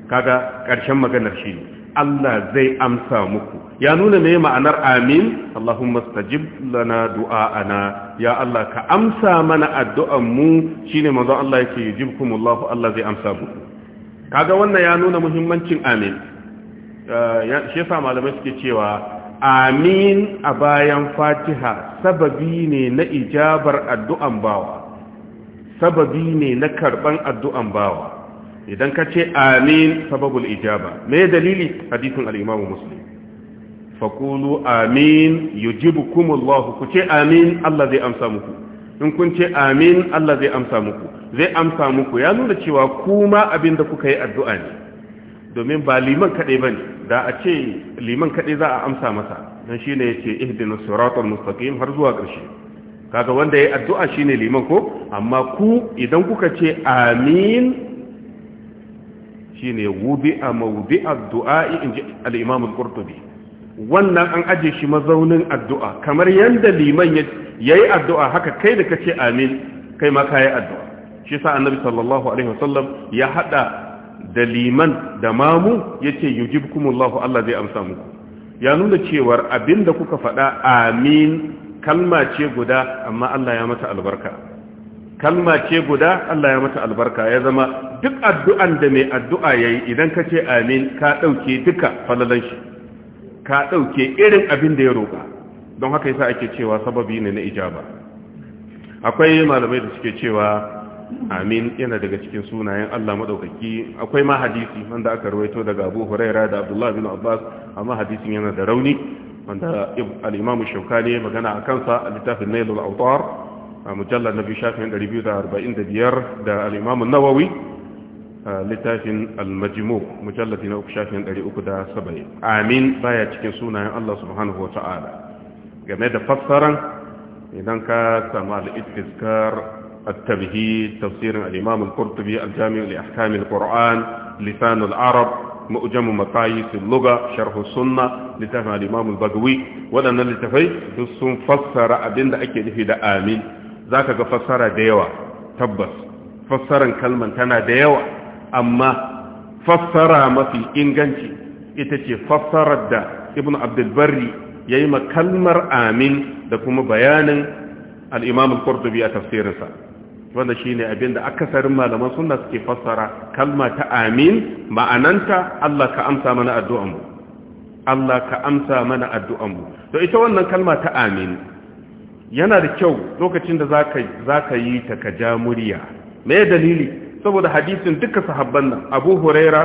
S1: kaga ƙarshen maganar shi Allah zai amsa muku ya nuna me ma'anar amin Allahumma stajib lana du'aana ya Allah ka amsa mana addu'an mu shine manzon Allah ya yake yujibukumullahu Allah zai amsa muku kaga wannan ya nuna muhimmancin amin uh, shi yasa malamai suke cewa amin a bayan fatiha sababi ne na ijabar addu'an bawa sababi ne na karɓan addu'an bawa idan ka ce amin sababul ijaba me dalili hadisin al-imam muslim faqulu amin yujibukumullahu ku ce amin Allah zai amsa muku in kun ce amin Allah zai amsa muku zai amsa muku ya nuna cewa kuma abinda kuka yi addu'a ne domin ba liman kaɗai ne. da a ce liman kaɗai za a amsa masa dan shine ce ihdinas siratal mustaqim har zuwa ƙarshe kaga wanda ya addu'a shine liman ko amma ku idan kuka ce amin shine wubi a mawubi addu'a in ji al'imam al wannan an ajiye shi mazaunin addu'a kamar yadda liman ya yi addu'a haka kai da ka ce amin kai ma ka yi addu'a shi sa annabi sallallahu alaihi wasallam ya haɗa da liman da mamu ya ce yujibkumullahu Allah zai amsa muku ya nuna cewar abinda kuka faɗa amin kalma ce guda amma Allah ya mata albarka kalma ce guda Allah ya mata albarka ya zama duk addu'an da mai addu'a yayi idan ka ce amin ka dauke duka falalan shi ka dauke irin abin da ya roka don haka yasa ake cewa sababi ne na ijaba akwai malamai da suke cewa amin yana daga cikin sunayen Allah maɗaukaki akwai ma hadisi wanda aka rawaito daga Abu Huraira da Abdullah bin Abbas amma hadisin yana da rauni wanda al'imamu shaukani magana a kansa a littafin nailul autar a mujallar na biyu shafin 245 da al'imamun nawawi a littafin almajimu mujallar na uku shafin 370 amin baya cikin sunayen allah subhanahu wa ta'ala game da fassaran idan ka samu al'istiskar التبهيد تفسير الإمام القرطبي الجامع لأحكام القرآن لسان العرب mu'jamu maqayis al-lugha sharh sunna littafin al-imam al-bagawi wadannan littafai duk sun fassara abinda ake nufi da amin zaka ga fassara da yawa tabbas fassaran kalman tana da yawa amma fassara mafi inganci ita ce fassarar da ibnu abdul barri yayi ma kalmar amin da kuma bayanin al-imam al-qurtubi a tafsirinsa wanda shine abin da akasarin malaman suna suke fassara kalma ta amin ma'ananta Allah ka amsa mana addu'an mu Allah ka amsa mana addu'an mu to ita wannan kalma ta amin yana da kyau lokacin da za ka yi ta ka ja murya me dalili saboda hadisin duka sahabban nan Abu Huraira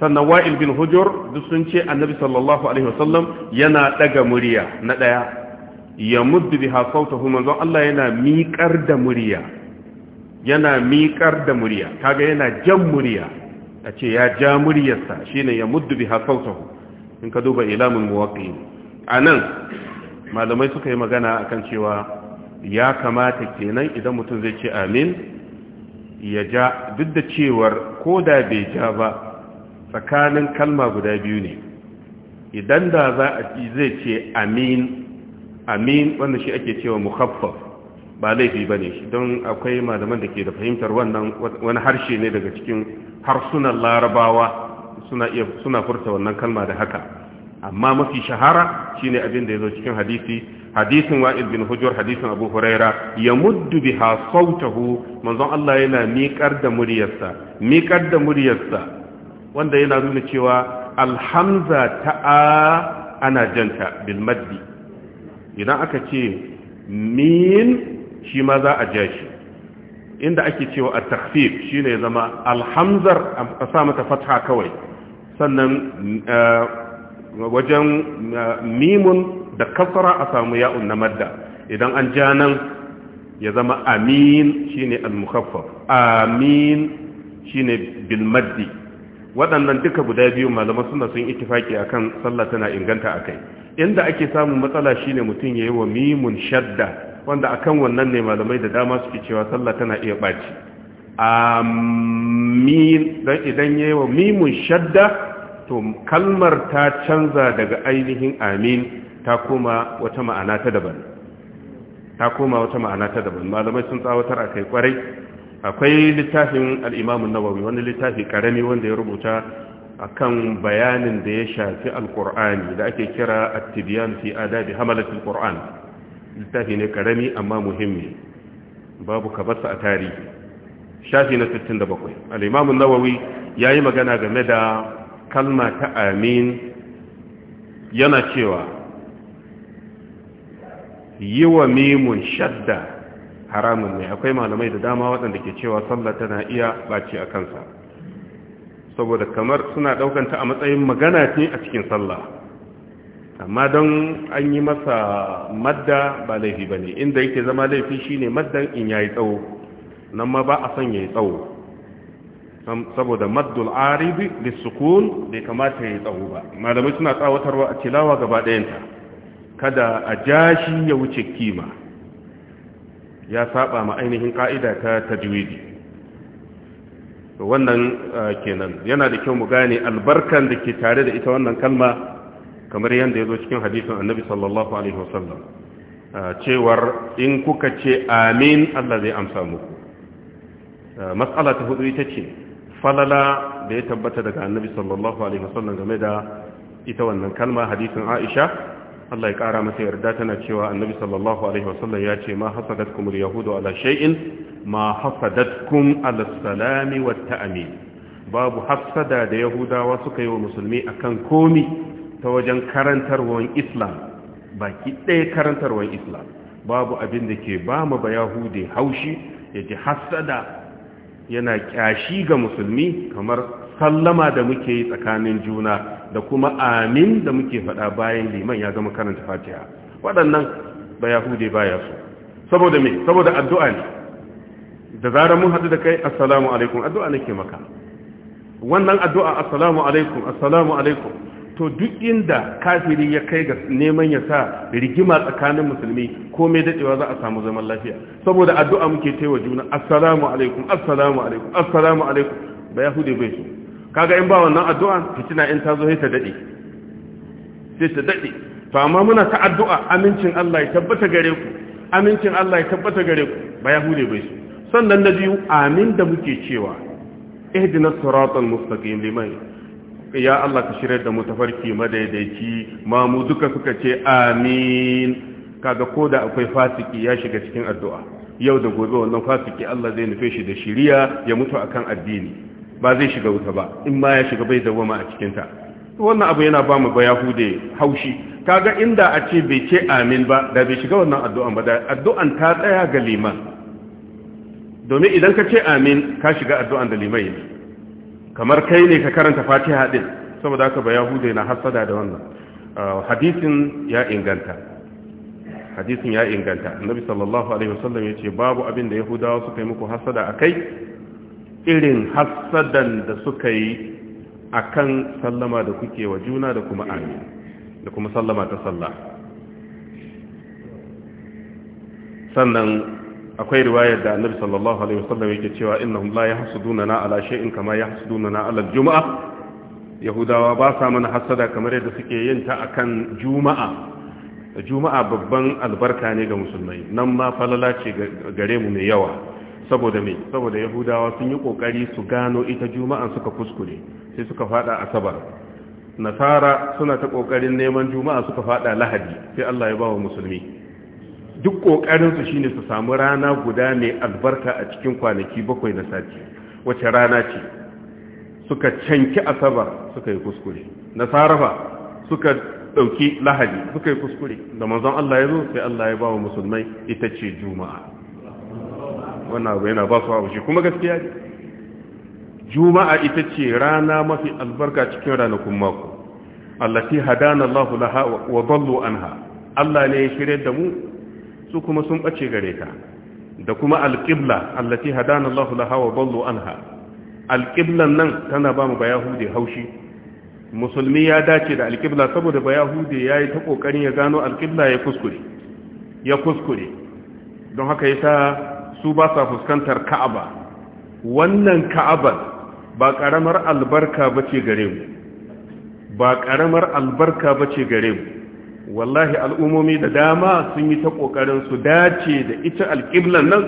S1: sannan Wa'il bin Hujur duk sun ce Annabi sallallahu alaihi wasallam yana ɗaga murya na ɗaya, ya muddu biha sautahu manzon Allah yana miƙar da murya yana miƙar da murya kaga yana jan murya a ce ya ja muryarsa Shi ne ya muddu bi hasautahu in ka duba muwaƙi A nan, malamai suka yi magana a kan cewa ya kamata kenan idan mutum zai ce amin ya ja duk da cewar ko da bai ja ba tsakanin kalma guda biyu ne idan da za a zai ce amin amin wanda shi ake cewa mukhaffaf ba laifi ba ne don akwai malaman da ke da fahimtar wannan wani harshe ne daga cikin harsunan larabawa suna furta wannan kalma da haka amma mafi shahara shine abin da ya zo cikin hadisi hadisin wa'il bin hujjar hadisin abu huraira ya muddu biha sautahu manzon Allah yana miƙar da muryarsa miƙar da muryarsa wanda yana nuna cewa alhamza ta'a ana janta bil idan aka ce min shi ma za a ja shi inda ake cewa a takfif shi ne zama alhamzar a sa mata fatha kawai sannan eh, wajen eh, mimun da kasara a samu ya'un na madda idan an ja nan ya zama amin shi ne al-mukhaffaf amin shi ne bilmaddi waɗannan duka guda biyu malaman suna sun itifaki akan sallah tana inganta akai inda ake samun matsala shine mutum ya yi wa mimun shadda wanda akan wannan ne malamai da dama suke cewa sallah tana iya baci amin dan idan yayi wa mimun shadda to kalmar ta canza daga ainihin amin ta koma wata ma'ana ta daban ta koma wata ma'ana ta daban malamai sun tsawatar akai kwarai akwai littafin al-Imam an-Nawawi wani littafi karami wanda ya rubuta akan bayanin da ya shafi al-Qur'ani da ake kira at-Tibyan fi adabi hamalatul Qur'an littafi ne karami amma muhimmi babu kabasa a tarihi shafi na 67 al-imamu nawawi yi magana game da kalma ta amin yana cewa yi wa mimun shadda haramun ne akwai malamai da dama waɗanda ke cewa sallah tana iya ɓace a kansa saboda kamar suna ɗaukanta a matsayin magana ce a cikin sallah amma don an yi masa madda ba laifi ba ne inda yake zama laifi shi ne maddan in ya yi tsawo nan ma ba a son ya yi tsawo saboda maddul aribi da sukun bai kamata ya yi tsawo ba malamai suna tsawatarwa a tilawa gaba ɗayanta kada a jashi ya wuce kima ya saba ma ainihin ka'ida ta tajwidi wannan ah, kenan yana da kyau mu gane albarkan da ke tare da ita wannan kalma kamar yadda ya zo cikin hadisin annabi sallallahu alaihi wasallam cewar in kuka ce amin Allah zai amsa muku matsala ta hudu ita ce falala da ya tabbata daga annabi sallallahu alaihi wasallam game da ita wannan kalma hadisin Aisha Allah ya kara mata yarda tana cewa annabi sallallahu alaihi wasallam ya ce ma hasadatkum al-yahudu ala shay'in ma hasadatkum al-salami wat-ta'min babu hasada da yahudawa suka yi wa musulmi akan komi ta wajen karantarwar islam baki ɗaya karantarwar islam babu abin da ke ba mu ba yahudi haushi ya ji hasada yana kyashi ga musulmi kamar sallama da muke yi tsakanin juna da kuma amin da muke faɗa bayan liman ya zama karanta fatiha waɗannan ba yahudi baya so saboda me saboda addu'a ne da zarar mun haɗu da kai assalamu alaikum addu'a nake maka wannan addu'a assalamu alaikum assalamu alaikum to duk inda kafiri ya kai ga neman ya sa rigima tsakanin musulmi komai dadewa za a samu zaman lafiya saboda addu'a muke taiwa juna assalamu alaikum assalamu alaikum assalamu alaikum ba ya hude bai so kaga in ba wannan addu'a fitina in ta zo sai ta dade sai ta dade to amma muna ta addu'a amincin Allah ya tabbata gare ku amincin Allah ya tabbata gare ku ba ya hude bai so sannan na biyu amin da muke cewa ihdinas siratal mustaqim liman ya Allah ka shirar da mu tafarki madaidaici ma mu duka suka ce amin kaga ko da akwai fasiki ya shiga cikin addu'a yau da gobe wannan fasiki Allah zai nufe shi da shiriya ya mutu akan addini ba zai shiga wuta ba in ma ya shiga bai dawoma a cikin ta wannan abu yana ba mu bayahude haushi kaga inda a ce bai ce amin ba da bai shiga wannan addu'an ba da addu'an ta tsaya ga liman domin idan ka ce amin ka shiga addu'an da liman kamar kai ne ka karanta fatiha din saboda haka ba yahudai na hasada da wannan ah, hadisin ya inganta hadisin ya inganta annabi sallallahu alaihi wasallam ya ce babu abin da yahudawa suka yi muku hasada a kai irin hasadan da suka yi a kan sallama da kuke wa juna da kuma amin da kuma sallama ta sallah sannan akwai riwayar da annabi sallallahu alaihi wasallam yake cewa innahum la yahsudunana ala shay'in kama yahsudunana ala al yahudawa ba sa mana hasada kamar yadda suke yin ta akan juma'a juma'a babban albarka ne ga musulmai nan ma falala ce gare mu mai yawa saboda me saboda yahudawa sun yi kokari su gano ita juma'a suka kuskure sai suka fada asabar nasara suna ta kokarin neman juma'a suka fada lahadi sai Allah ya ba wa musulmi duk ƙoƙarinsu shine su samu rana guda mai albarka a cikin kwanaki bakwai na sati wace rana ce suka canki asabar suka yi kuskure Na ba suka ɗauki lahadi suka yi kuskure da manzon Allah ya zo sai Allah ya ba wa musulmai ita ce juma'a wannan abu yana ba su abu shi kuma gaskiya ne juma'a ita ce rana mafi albarka cikin ranakun mako allati hadana Allah laha wa dallu anha Allah ne ya shirye da mu su kuma sun ɓace gare ka da kuma alƙibla allati hadana Allahu laha wa ballu anha alƙiblan nan tana ba mu ba yahudi haushi musulmi ya dace da alƙibla saboda ba yahudi ya yi ta ƙoƙarin ya gano alƙibla ya kuskure ya kuskure don haka ya sa su ba sa fuskantar ka'aba wannan ka'abar ba ƙaramar albarka ba ce gare mu ba ƙaramar albarka ba ce gare mu wallahi al'umomi da dama sun yi ta ƙoƙarin su dace da ita alƙiblan nan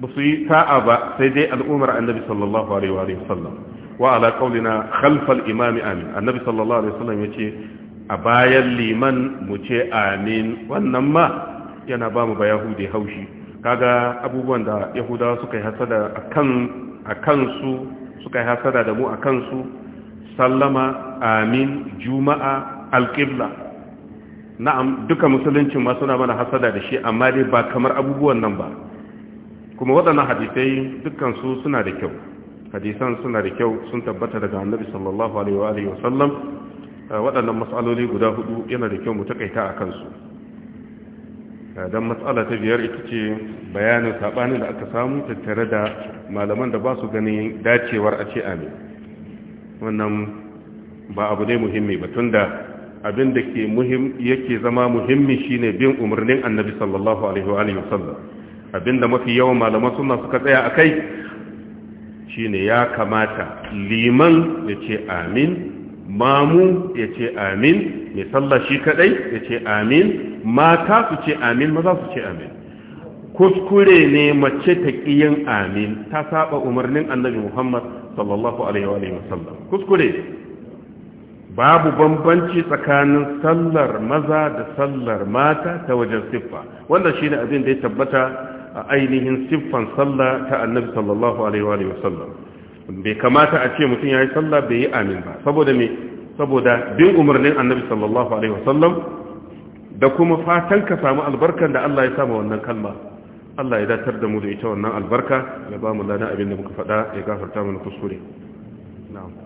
S1: ba su yi ta'a ba sai dai al'ummar annabi sallallahu alaihi wa wa ala khalfal imami amin annabi sallallahu alaihi wa sallam yace a bayan liman mu ce amin wannan ma yana ba mu ba yahudi haushi kaga abubuwan da yahudawa suka yi hasada suka yi hasada da mu a kansu sallama amin juma'a alƙibla. na'am duka musuluncin ma suna mana hasada da shi amma dai ba kamar abubuwan nan ba kuma waɗannan hadisai dukkan su suna da kyau hadisan suna da kyau sun tabbata daga annabi sallallahu alaihi wa alihi wasallam eh, waɗannan matsaloli guda hudu yana da kyau mu takaita a kansu eh, dan matsala ta biyar ita ce bayanin sabanin da aka samu tattare da malaman da ba su ganin dacewar a ce amin wannan ba abu ne muhimmi ba tunda abin da ke muhim yake zama muhimmi shine bin umarnin annabi sallallahu alaihi wa alihi wasallam da mafi yawan malaman sunna suka tsaya akai shine ya kamata liman ya ce amin mamu ya ce amin mai sallah shi kadai ya ce amin mata su ce amin maza su ce amin kuskure ne mace ta kiyin amin ta saba umarnin annabi muhammad sallallahu alaihi wa alihi wasallam kuskure babu bambanci tsakanin sallar maza da sallar mata ta wajen siffa wannan shi ne abin da ya tabbata a ainihin siffan sallah ta annabi sallallahu alaihi wa sallam bai kamata a ce mutum ya yi sallah bai yi amin ba saboda me saboda bin umarnin annabi sallallahu alaihi wa sallam da kuma fatan ka samu albarkan da Allah ya sama wannan kalma Allah ya datar da mu da ita wannan albarka ya ba mu lana abin da muka faɗa ya gafarta mana kuskure na'am